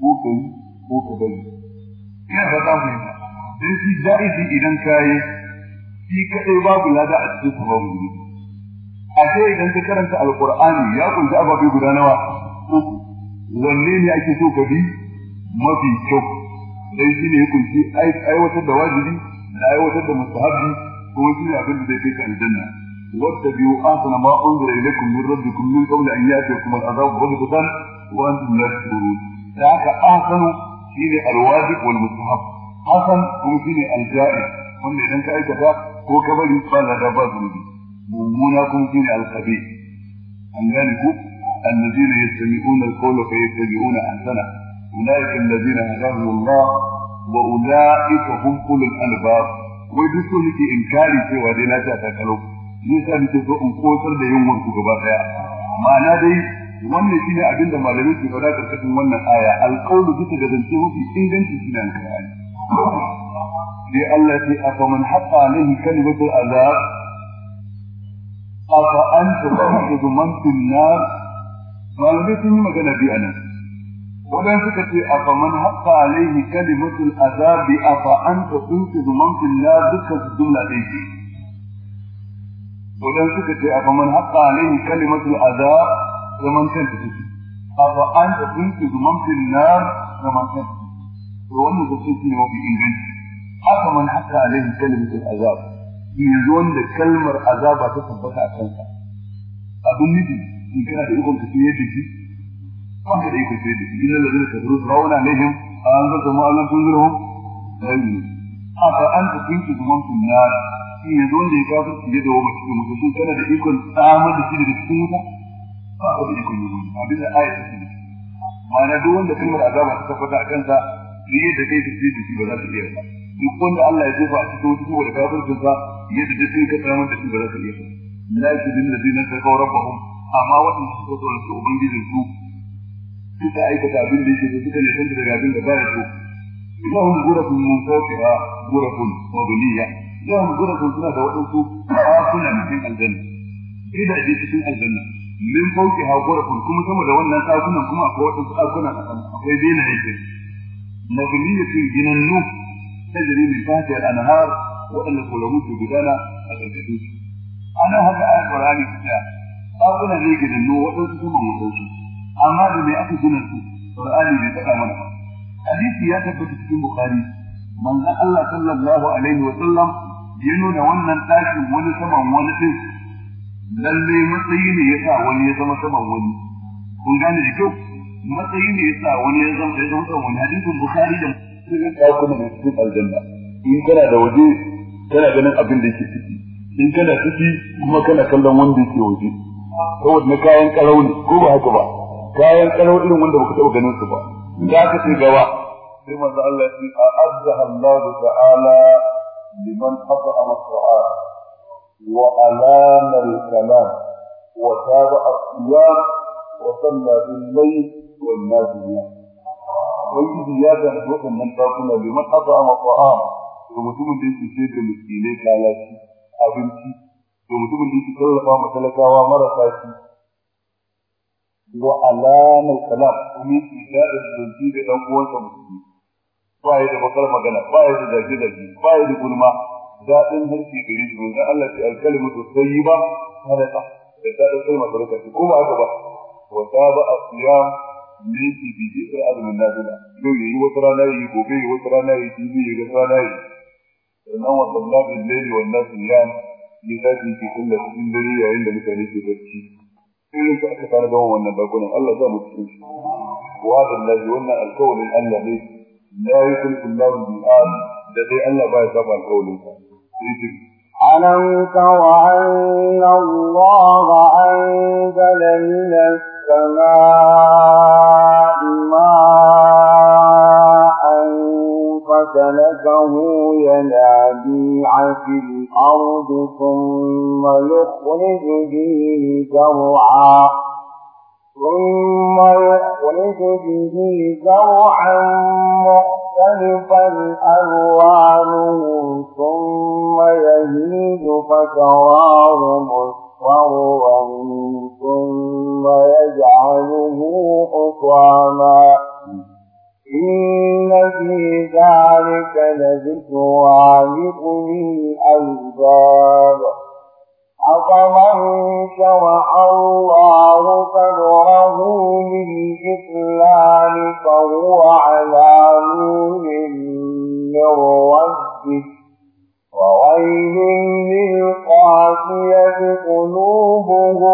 Speaker 1: ko kai ko ka bari ina ba ta mu ba dan shi zarafi idan kayi shi kaɗai babu lada a cikin ku babu ne a sai idan ka karanta Alƙur'ani, ya kunshi ababe guda nawa uku zanne ne ake so ka bi mafi kyau dai shi ne ya kunshi aiwatar da wajibi da aiwatar da mustahabi kuma shi ne abin da zai kai ka aljanna واتبعوا احسن ما انزل اليكم من ربكم من قبل ان ياتيكم العذاب بغتة وانتم لا تشعرون ذاك احسن شيء الواجب والمستحب حسن هم شيء الجائز wanda idan ka aikata ko ka bari ba lada ba zunubi mummuna kuma shine alkhabi an gane ku الذين يستمعون القول فيتبعون احسنه اولئك الذين هداهم الله واولئك هم اولو الالباب wai duk so nake inkari cewa dai lafiya ta kalau zai sa nake so in kosar da yunwar ku gaba daya ma'ana dai wannan shine abin da malamai ke faɗa karkashin wannan aya alqawlu bisa ga zance mafi inganci shine an kai dai Allah ya ce afa man haqa alaihi kalimatul azab afa anta tuhidu man fil nar malamai sun yi magana bi anan wadan suka ce afa man haqa alaihi kalimatul azab afa anta tuhidu man fil nar dukkan jumla ɗaya wajen suka ce a faman haƙa alaihi kalimatul azab zaman kanta take a fa an da ce zuman fil nar zaman kanta to wannan da ce ne mafi inganci a man haƙa alaihi kalimatul azab yanzu wanda kalmar azaba ta tabbata a kansa abin nufi in kana da ikon kafin yadda da shi wanda da ikon kafin yadda shi lalata da zai ka zuru rauna a an zama alam tunzurhum a ba an da ce zuman fil nar shi yanzu wanda ya kafa su da wama cikin mutu shi kana da ikon samar da shi daga cikin wuta ba a da ikon yi wani abin da ayat ta cikin ma'ana duk wanda kalmar azaba ta tabbata a kansa fiye da kai tafiye da shi ba za su iya ba duk wanda Allah ya jefa a cikin wuta saboda kafircinsa yadda duk sai ka samar da shi ba za su iya ba la yashudun ladina taqaw rabbahum amma waɗanda suka tsorace ubangijin su suka aikata abin da yake so suka nisanta daga abin da baya so lahum ghurafun mun fawqiha ghurafun mabniyah yawan gurakun suna da waɗansu ɗakuna na cikin aljanna da gidaje cikin aljanna min fauki ha gurakun kuma sama da wannan ɗakunan kuma akwai waɗansu ɗakuna a sama akwai bena yake mabniyatun Ta tajri min tahtiha al-anhar waɗanda kulamu ke gudana a ƙarƙashin su ana haka ayar Qur'ani ta ɗakuna ne ginannu waɗansu sama waɗansu amma da me aka gina su Qur'ani bai faɗa mana hadisi ya tabbata cikin Bukhari manzon Allah sallallahu alaihi wa sallam ya nuna wannan ɗakin wani saman wani ɗin lalle matsayi ne ya sa wani ya zama saman wani kun gane da kyau matsayi ne ya sa wani ya zama ya zama saman wani hadisin bukari da musulun kuma ne cikin aljanna in kana da waje kana ganin abin da yake ciki in kana ciki kuma kana kallon wanda yake waje saboda na kayan karau ne ko ba haka ba kayan karau irin wanda baka taɓa ganin su ba da aka ce gaba sai manzo Allah ya ce a'azzaha Allah ta'ala لمن حفظ القرآن وألام الكلام وتابع الصيام وصلى بالليل والناس نيام ويجي يا ذا الحكم من تاكل لمن حفظ الطعام ومتم da yake sai da miskinai kalaci abinci da mutumin da yake tallafa marasa shi wa alama kalam kuma yake da zunci da dan uwansa musulmi ba ya da bakar magana ba ya da zage zage ba ya da gulma daɗin harshe gari shi wanda Allah ya alkalmi to sai ba sadaka da daɗin kalma sadaka ko ba haka ba wa taba asiyam ne ke bibi sai azumin nazila yau yayi wata rana yayi gobe yayi wata rana yayi jibi yayi wata rana yayi sannan wa sallah bil layli wan nas yam ni zaki ki kulla cikin dare yayin da mutane ke barci irin ka aka fara gawa wannan bakunan Allah za mu cikin shi wa da wannan alkawalin Allah ne la yukhliqu Allahu bi'an da dai Allah ba ya saba alƙawarinsa
Speaker 2: alam tara anna Allaha anzala min as-samaa'i ma'an فسلكه ينابيع في الأرض ثم يخرج به زرعا ثم يخرج به زرعا مختلفا ألوانه ثم يهيج فتراه مصفرا ثم يجعله حطاما إن في ذلك لذكرى لأولي الألباب أفمن شرع الله صدره للإسلام فهو على نور من ربه وويل للقاسية قلوبهم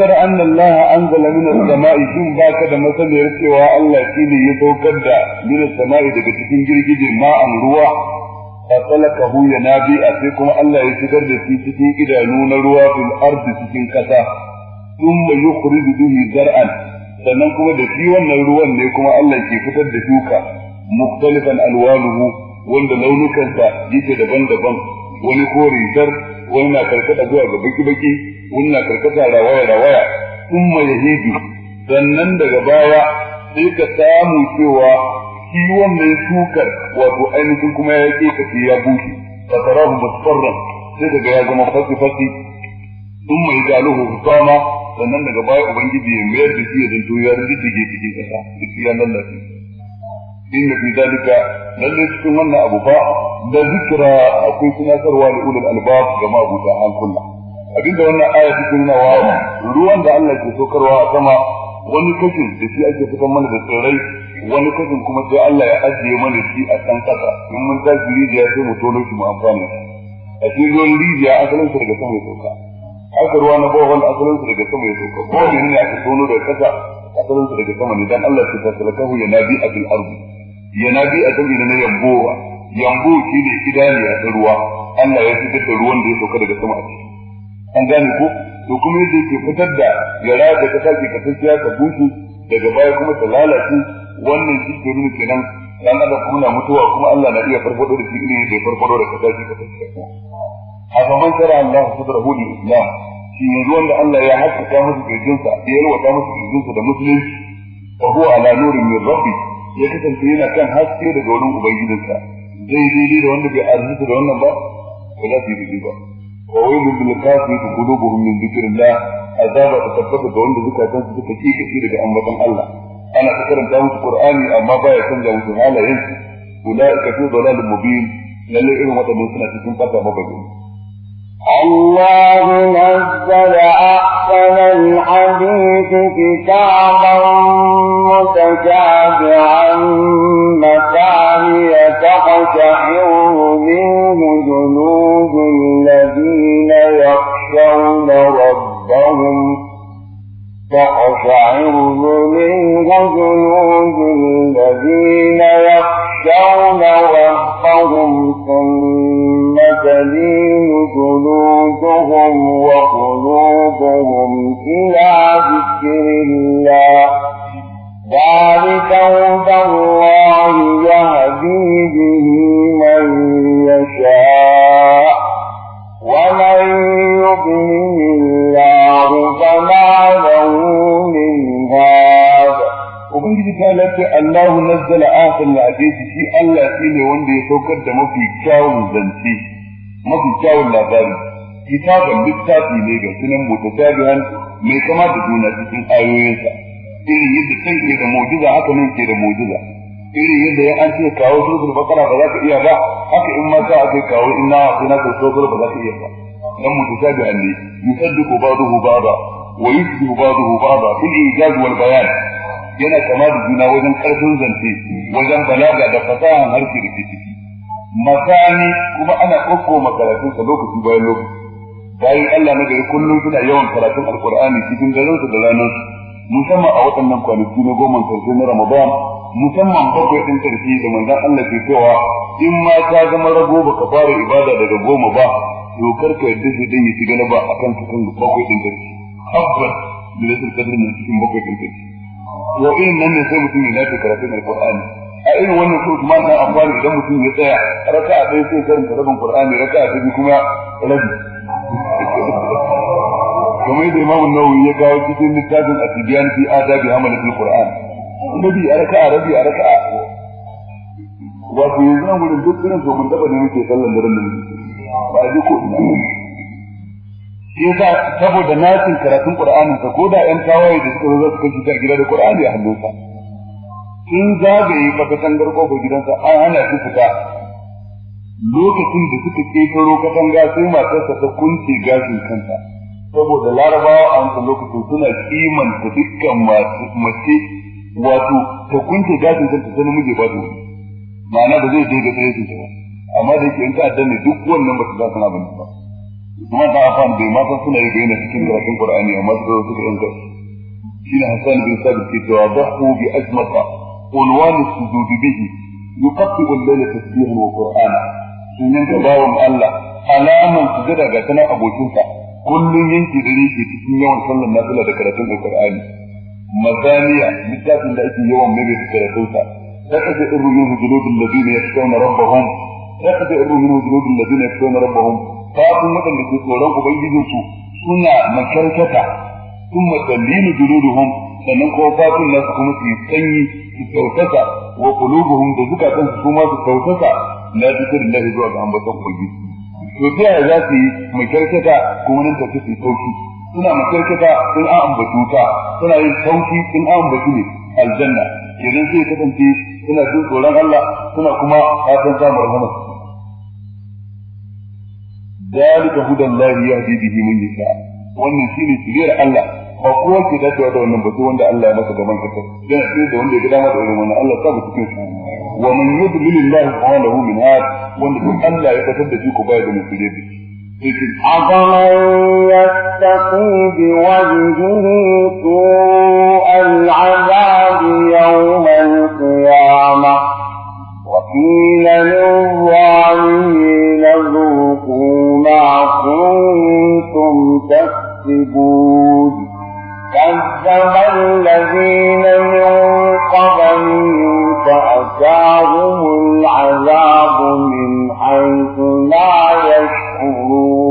Speaker 1: tara anna Allah anzala min as-sama'i shin baka da masaniyar cewa Allah shine ya saukar da min as-sama'i daga cikin girgije ma'an ruwa fa talakahu nabi a sai kuma Allah ya shigar da shi cikin idanu na ruwa fil ardi cikin kasa thumma yukhriju bihi zar'an sannan kuma da shi wannan ruwan ne kuma Allah ke fitar da shuka muktalifan alwanuhu wanda launukansa yake daban-daban wani kore zar wani na karkata zuwa ga baki-baki wani na karkata rawaya-rawaya sun mai hidi sannan daga baya sai ka samu cewa shi wannan shukar wato ainihin kuma ya ke kace ya bushe fasarahu musfarran sai ka ga ya zama fasi-fasi sun mai galuhu hukama sannan daga baya ubangiji ya mayar da shi ya zanto ya rinjige cikin ƙasa duk ya lallace inna fi zalika lalle cikin wannan abu ba da zikira akwai tunatarwa da ulul albab ga mabuta an kullu abinda wannan aya take nuna wa ruwan da Allah ke sokarwa a sama wani kashin da shi ake fitar mana da tsirrai wani kashin kuma sai Allah ya ajiye mana shi a kan kasa in mun tashi rijiya sai mu tono shi mu amfana a shi ruwan rijiya asalin sa daga sama ya sauka aka ruwa na bawa wanda asalin sa daga sama ya sauka ko ne aka tono daga kasa asalin sa daga sama ne dan Allah ya tsaka ya nabi abil ardi yanabi a kan na yambowa yambo shi ne idaniya a ruwa Allah ya fitar da ruwan da ya sauka daga sama a an gane ko to kuma yadda yake fitar da yara da ta sake kasashiya ta bushe daga baya kuma ta lalace wannan shi ke nuna kenan dan adam kuma na mutuwa kuma Allah na iya farfado da shi irin da ya farfado da kasashi kasashiya a zaman tara Allah da lil islam shi yanzu wanda Allah ya haskaka masu kirjinsa ya yalwata masa kirjinsa da musulunci wa huwa ala nurin min rabbi ya kasance yana kan haske daga wurin ubangijinsa zai daidai da wanda bai arzuta da wannan ba ba za su yi daidai ba wa wai mun bil kafi ku qulubuhum min dhikrillah azaba ta tabbata da wanda zukatan su suka kike daga ambaton Allah ana ta karanta musu qur'ani amma ba ya canza musu halayen su ulaika fi dhalalin mubin lalle irin wadannan suna cikin fata mabagani
Speaker 2: الله نزل أحسن الحديث كتابا متشابعا مثالي تقشعر منه جنود الذين يخشون ربهم تقشعر منه جنود الذين يخشون ربهم ثم تلين جلودهم وقلوبهم إلى ذكر الله ذلك هدى الله يهدي به من يشاء ومن يضلل الله فما له
Speaker 1: من هاد Ubangiji ta lafi Allahu nazzala ahsan al-hadisi shi Allah ne wanda ya saukar da mafi kyawun zance mafi kyawun labari kitabun littafi ne ga sunan mutasabihan mai kama da juna cikin ayoyinsa irin yadda can ke da mu'jiza haka nan ke da mu'jiza irin yadda ya an ce kawo suratul baqara ba za ka iya ba haka in mata sa aka kawo inna suna ka suratul ba za ka iya ba dan mutasabihan ne yusaddiqu ba'dahu ba'da wa yusbihu ba'dahu ba'da fil ijaz wal bayan yana kama da juna wajen karfin zance wajen balaga da fasahan harshe da ciki masani kuma ana koko makaratun sa lokaci bayan lokaci bayan Allah na gari kullum suna yawan karatun alqur'ani cikin garin da ranar musamman a waɗannan kwanaki na goma karshe na Ramadan musamman bakwai din karshe da manzon Allah ke cewa in ma ka zama rago baka fara ibada daga goma ba to karka yadda shi din yi shiga ba akan cikin bakwai din karshe tabbas da rashin kadar mun cikin bakwai din karshe wa in nan ne sai mutum ya dace karatun alqur'ani a irin wannan so kuma na amfani idan mutum ya tsaya raka'a ɗaya sai karanta rabin Qur'ani raka'a ta biyu kuma rabi kamar yadda Imam Nawawi ya kawo cikin littafin At-Tibyan fi Adabi Amal fil Qur'an rabi a raka'a rabi a raka'a wato yanzu nan gudun duk irin so mun daba ne muke sallan daren nan ba ji ko ina yasa saboda nasin karatun Qur'anin sa ko da ƴan tawaye da suka zo su kashi ta gida da Qur'ani a hannunsa sun zagaye katangar kofar gidansa an hana su fita lokacin da suka ƙetaro katanga sai matarsa ta kunce gashin kanta saboda larabawa a wancan lokacin suna kimanta dukkan mace wato ta kunce gashin kanta ta namiji ba ta ma'ana ba zai dinga tsaye su ba amma da yake in ka addanne duk wannan ba su za su na bane ba kuma ta afan bai mata suna yi bayyana cikin karatun ƙur'ani, amma su suka yanka shi ne Hassan bin sabit ke cewa dahu bi azmata unwan as-sujud bihi yuqattibu al-layla tasbihan wa qur'ana sunan da bawon Allah alaman sujada ga tana abokinsa Kullum yanki dare ke cikin yawan sallar nafila da karatun alqur'ani mazaniya littafin da ake yawan mai karatunsa منه جلود الذين يخشون ربهم لقد اروا منه جلود الذين يخشون ربهم فاقوم waɗanda ke tsoron ubangijinsu suna makarkata ثم تلين جلودهم sannan kuma fatun nasu kuma su yi sanyi su kyautata wa qulubuhum da zukatan su kuma su kyautata la zikrillah zuwa ga ambaton ubangiji to ta za su yi mai kyautata kuma nan take su yi sauki suna mai kyautata sun an ambatu ta suna yin sauki sun an ambatu ne aljanna kenan sai kasance suna jin tsoron Allah suna kuma fatan samun rahmat ذلك هدى الله يهدي به من يشاء ومن سير الله ba kowa ke dacewa da wannan ba sai wanda Allah ya masa gaban kasa yana tsaye da wanda ya gida mata irin wannan Allah ta ba cikin su wa man yudlil Allah subhanahu min had wanda duk Allah ya fitar da shi ko baya da mutsire da shi أفمن يتقي بوجهه
Speaker 2: سوء العذاب يوم القيامة وقيل للظالمين ذوقوا ما كنتم تكسبون كذب الذين من قبلهم فأتاهم العذاب من حيث لا يشعرون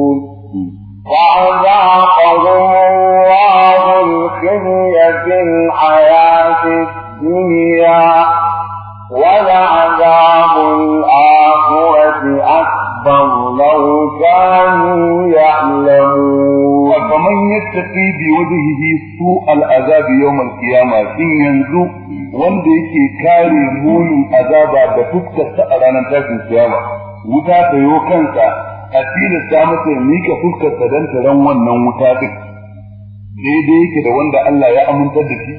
Speaker 1: yattaqi bi wajhihi su al'azab yawm al-qiyama in yanzu wanda yake kare munin azaba da fuskar a ranar tashin kiyama wuta ta yo kansa a tilasta masa ya mika fuskar sa dan taron wannan wuta din daidai yake da wanda Allah ya amintar da shi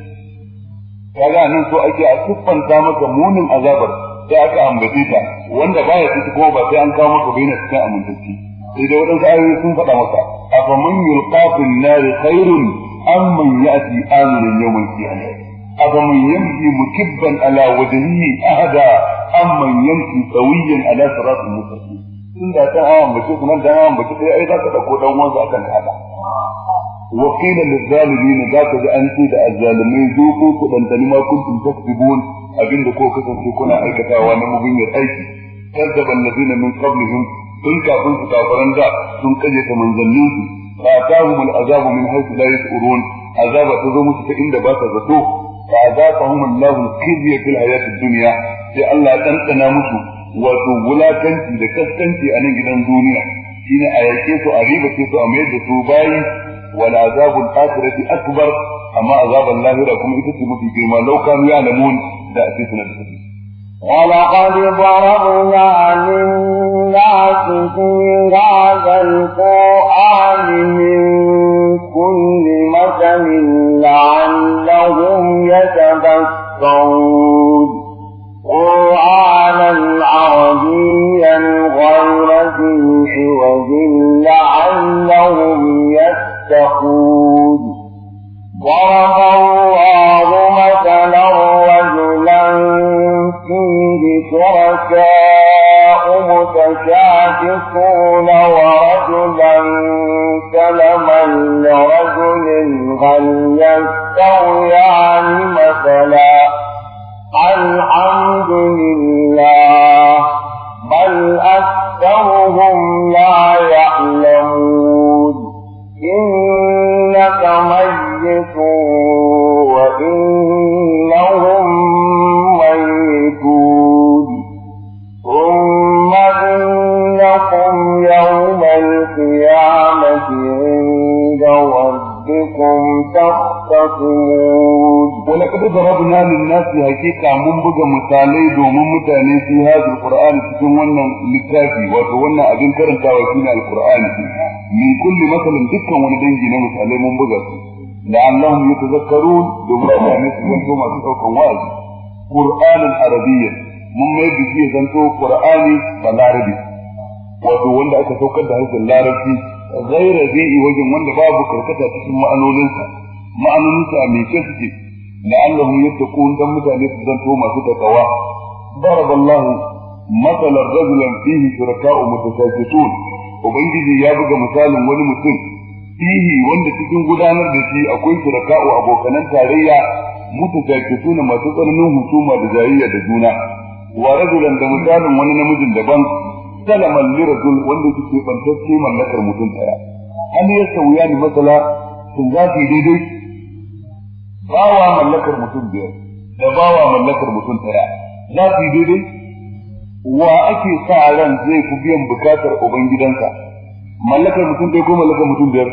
Speaker 1: kaga nan so ake a kuffanta masa munin azabar sai aka ambace ta wanda baya ciki kuma ba sai an kawo maka bayyana cikin amintacci sai dai waɗansu ayoyi sun faɗa maka أفمن يلقى في النار خير أم من يأتي آمنا يوم القيامة أفمن يمشي مكبا على وجهه أهدى أم من يمشي سويا على صراط المستقيم إن أتى آم بشيك من دام بشيك أيضا تتكون أول ذاك هذا وقيل للظالمين ذاك أنت الظالمين ذوقوا كنتم ما كنتم تكذبون أبين لكم كنتم تكون أيكتا وأنا مبين الأيكي كذب الذين من قبلهم tun kafin su kafaran da sun kaje ta manzannin su fa atahum al'azabu min haythu la yash'urun azaba ta zo musu ta inda ba sa zato fa azabahum Allahu khizya fil hayati ad-dunya sai Allah ya tantana musu wato wulakanci da kaskanci a nan gidan duniya shine a yake su a riba su a mayar da su bayi wal azabul akhirati akbar amma azabar lahira kuma ita ce mafi girma law kanu ya'lamun da ake sanar da su
Speaker 2: ولقد ضربنا للناس في هذا القرآن من كل مثل لعلهم يتذكرون قرآنا عربيا غير ذي حوز لعلهم يتقون متشاكسون ورجلا كلما لرجل هل يستويان مثلا الحمد لله بل أكثرهم لا
Speaker 1: كنتم تختصمون ولقد ضربنا للناس حقيقة من بغى مثالي دومن متاني في هذا القرآن cikin wannan littafi wato wannan abin karantawa shine alqur'ani min kulli masalin dukkan wani dangi na misalai mun buga su la'allahum yatazakkarun domin masu wa'azi qur'anin arabiyya mun mai da shi zanto qur'ani wato wanda aka saukar da gaira zai wajen wanda babu karkata cikin ma'anoninsa ma'anoninsa mai kyau suke la'allahum yattaqun dan mutane su zanto masu takawa daraballahu masalan rajulan fihi shuraka'u mutashakkitun ubangiji ya buga misalin wani mutum fihi wanda cikin gudanar da shi akwai wa abokanan tarayya mutashakkitun masu tsananin husuma da jayayya da juna wa rajulan da misalin wani namijin daban salaman lirajul wanda suke bantacce mallakar mutum daya an yi sauya ni matsala sun za su yi daidai bawa mallakar mutum biyar da bawa mallakar mutum daya za su yi daidai wa ake sa ran zai fi biyan bukatar ubangidansa mallakar mutum daya ko mallakar mutum biyar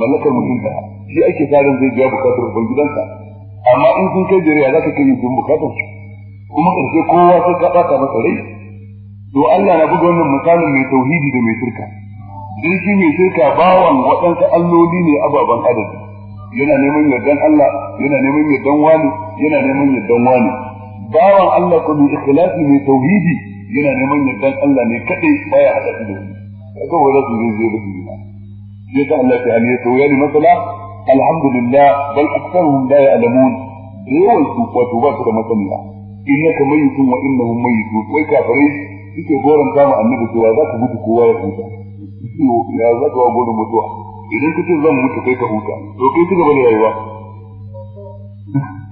Speaker 1: mallakar mutum daya shi ake sa ran zai biya bukatar ubangidansa amma in sun kai jariya za ka kai yin bukatar su kuma ƙarshe kowa sai ka ɓata masa rai to Allah na buga wannan misalin mai tauhidi da mai shirka din shi mai shirka bawan waɗansu alloli ne ababen adadi yana neman yardan Allah yana neman yardan wani yana neman yardan wani bawan Allah ko mai ikhlasi mai tauhidi yana neman yardan Allah ne kadai baya hada shi da wani kaga wala su zai da shi ne sai ta Allah ta aliya to yani masala alhamdulillah bal aktharuhum la ya'lamun yawan su wato ba su da masaniya innaka mayitun wa innahum mayitun wai kafirai suke goron kama annabi cewa za ku mutu kowa ya huta ya za ka wa mutuwa idan ka ce zan mutu kai ka huta to kai ci gaba da rayuwa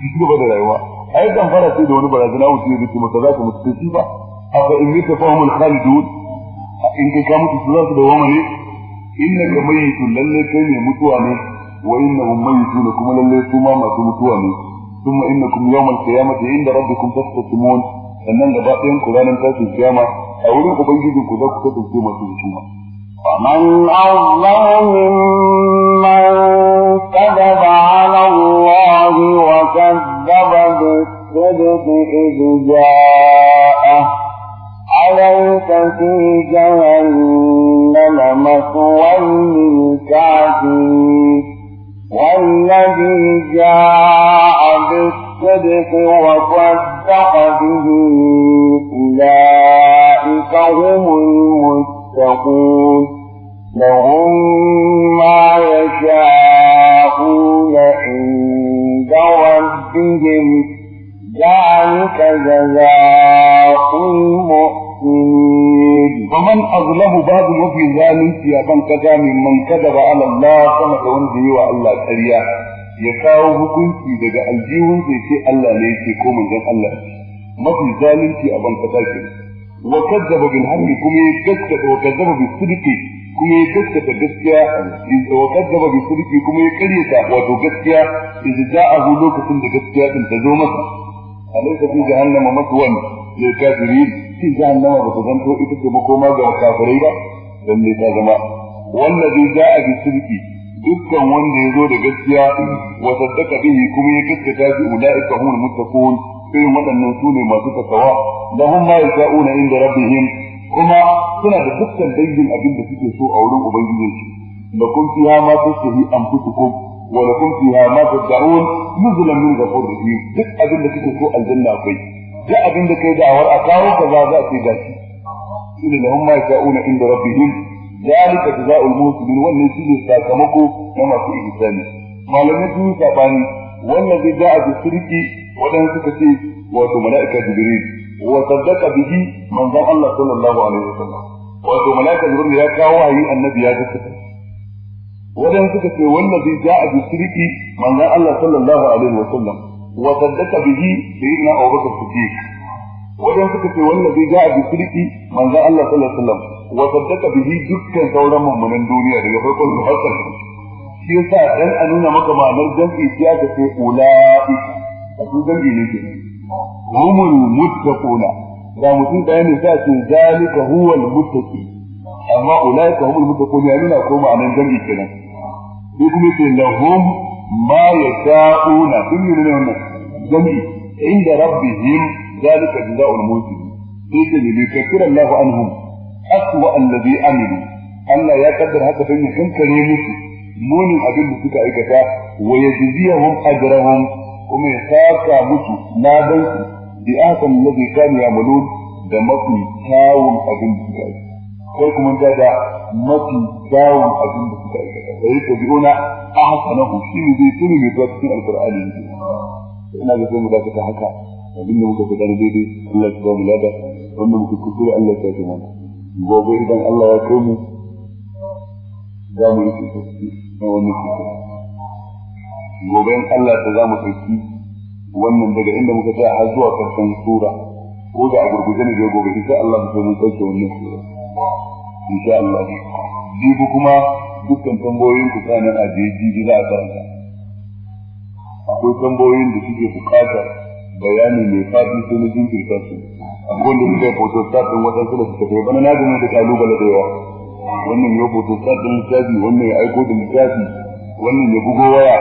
Speaker 1: ci gaba da rayuwa ai kan fara sai da wani barazana wuce ne ce masa za ka mutu kai ba afa in yaka fahimul khalidun in kai ka mutu za su dawama ne innaka mayyitun lalle kai ne mutuwa ne wa inna hum mayyitun kuma lalle su ma masu mutuwa ne ثم انكم يوم القيامه عند ربكم تختصمون sannan da ba ɗayan ranar tashin kiyama a wurin ubangijin ku za ku kasa ce masu hikima.
Speaker 2: Faman azzamu min man kadaba ala Allahi wa kadaba bi sadiqi idu ja'a. عليك في جهنم مسوى للكافرين والذي جاء بالصدق وصدق به أولئك هم المتقون لهم ما يشاءون عند ربهم ذلك جزاء
Speaker 1: المؤمنين ومن أظله بعد وفي ذلك يا من كذا ممن كذب على الله كما تقول به الله كريا ya kawo hukunci daga aljihun zai ce Allah ne yake ko manzon Allah mafi zalunci a ban kasa ke wa kazzaba bil haqqi kuma ya gaskata wa kazzaba bis sidqi kuma ya gaskata gaskiya wa kazzaba bis sidqi kuma ya karyata wato gaskiya idan ja'ahu lokacin da gaskiya din ta zo masa alaysa fi jahannama maswan lil kafirin fi jahannama ba ta zanto ita ce makoma ga kafirai ba dan ne ta zama Wannan wallazi ja'a bis sidqi dukkan wanda ya zo da gaskiya wa saddaka bihi kuma ya kaskata shi ulaika humul muttaqun irin waɗannan su ne masu takawa lahum ma yasha'una inda rabbihim kuma suna da dukkan dangin abin da suke so a wurin ubangiji lakum fiha ma tusihi anfusukum wa lakum fiha ma tad'un nuzulan min ghafurir rahim duk abin da kuke so aljanna akwai Da abin da kai da'awar a kawo kaza za a ce gashi ina lahum ma yasha'una inda rabbihim zalika jazaa'ul muhsinin wannan shine sakamako na masu ihsani malamai sun yi sabani wannan zai da'a da shirki wadan suka ce wato mala'ika jibril wa saddaqa bihi manzon Allah sallallahu alaihi wasallam wato mala'ika jibril ya kawo wahayi annabi ya gaskata wadan suka ce wannan zai da'a da shirki manzon Allah sallallahu alaihi wasallam wa saddaqa bihi sayyidina Abu Bakar Siddiq wadan suka ce wannan zai da'a da Allah sallallahu alaihi wa saddaka bihi dukkan sauran mummunan duniya daga farkon zuwa ƙarshe shi yasa dan a nuna maka ma'anar jam'i sai aka ce ula'i a su jam'i ne ke humul muttaquna da mutum ɗaya ne sai ce zalika huwal muttaqi amma ula'i ka humul muttaquna ya nuna ko ma'anar jam'i kenan sai kuma ce lahum ma yasha'una kun yi ne wannan jam'i inda rabbihim zalika jazaa'ul muhsinin sai ce ne bi kafira Allahu anhum aswa allazi amilu Allah ya kaddara haka don ya kankare musu munin abin da suka aikata wa yajziyahum ajrahum kuma ya saka musu ladan su bi ahsan allazi kanu ya'malun da mafi kyawun abin da suka aikata ko kuma da mafi kyawun abin da suka aikata sai ko bi'una ahsanahu shi ne zai tuni ne zuwa cikin alqur'ani ina ga sai mu haka abin da daidai Allah ya mu Allah ya gobe idan Allah ya kai mu za mu yi tsotsi na wani kuka gobe in Allah ta za mu tsotsi wannan daga inda muka tsaya har zuwa karshen sura ko da a gurguje ne gobe ita Allah ta mun tsotsi wannan sura sha Allah jibi kuma dukkan tambayoyin ku sanan a jeji za a karanta akwai tambayoyin da suke bukatar bayani mai faɗi sai na jinkirta su akwai wanda suka yi photostat din da suka kai bana na gani da kalubale da yawa wannan ya photostat din littafi wannan ya aiko da littafi wannan ya bugo waya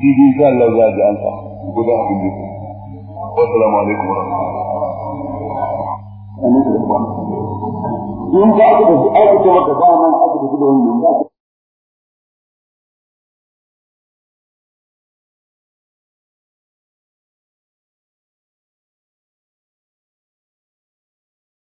Speaker 1: didi Allah za a ji an sa abin da alaikum wa rahmatullahi in ka aka da aka ka aka da wannan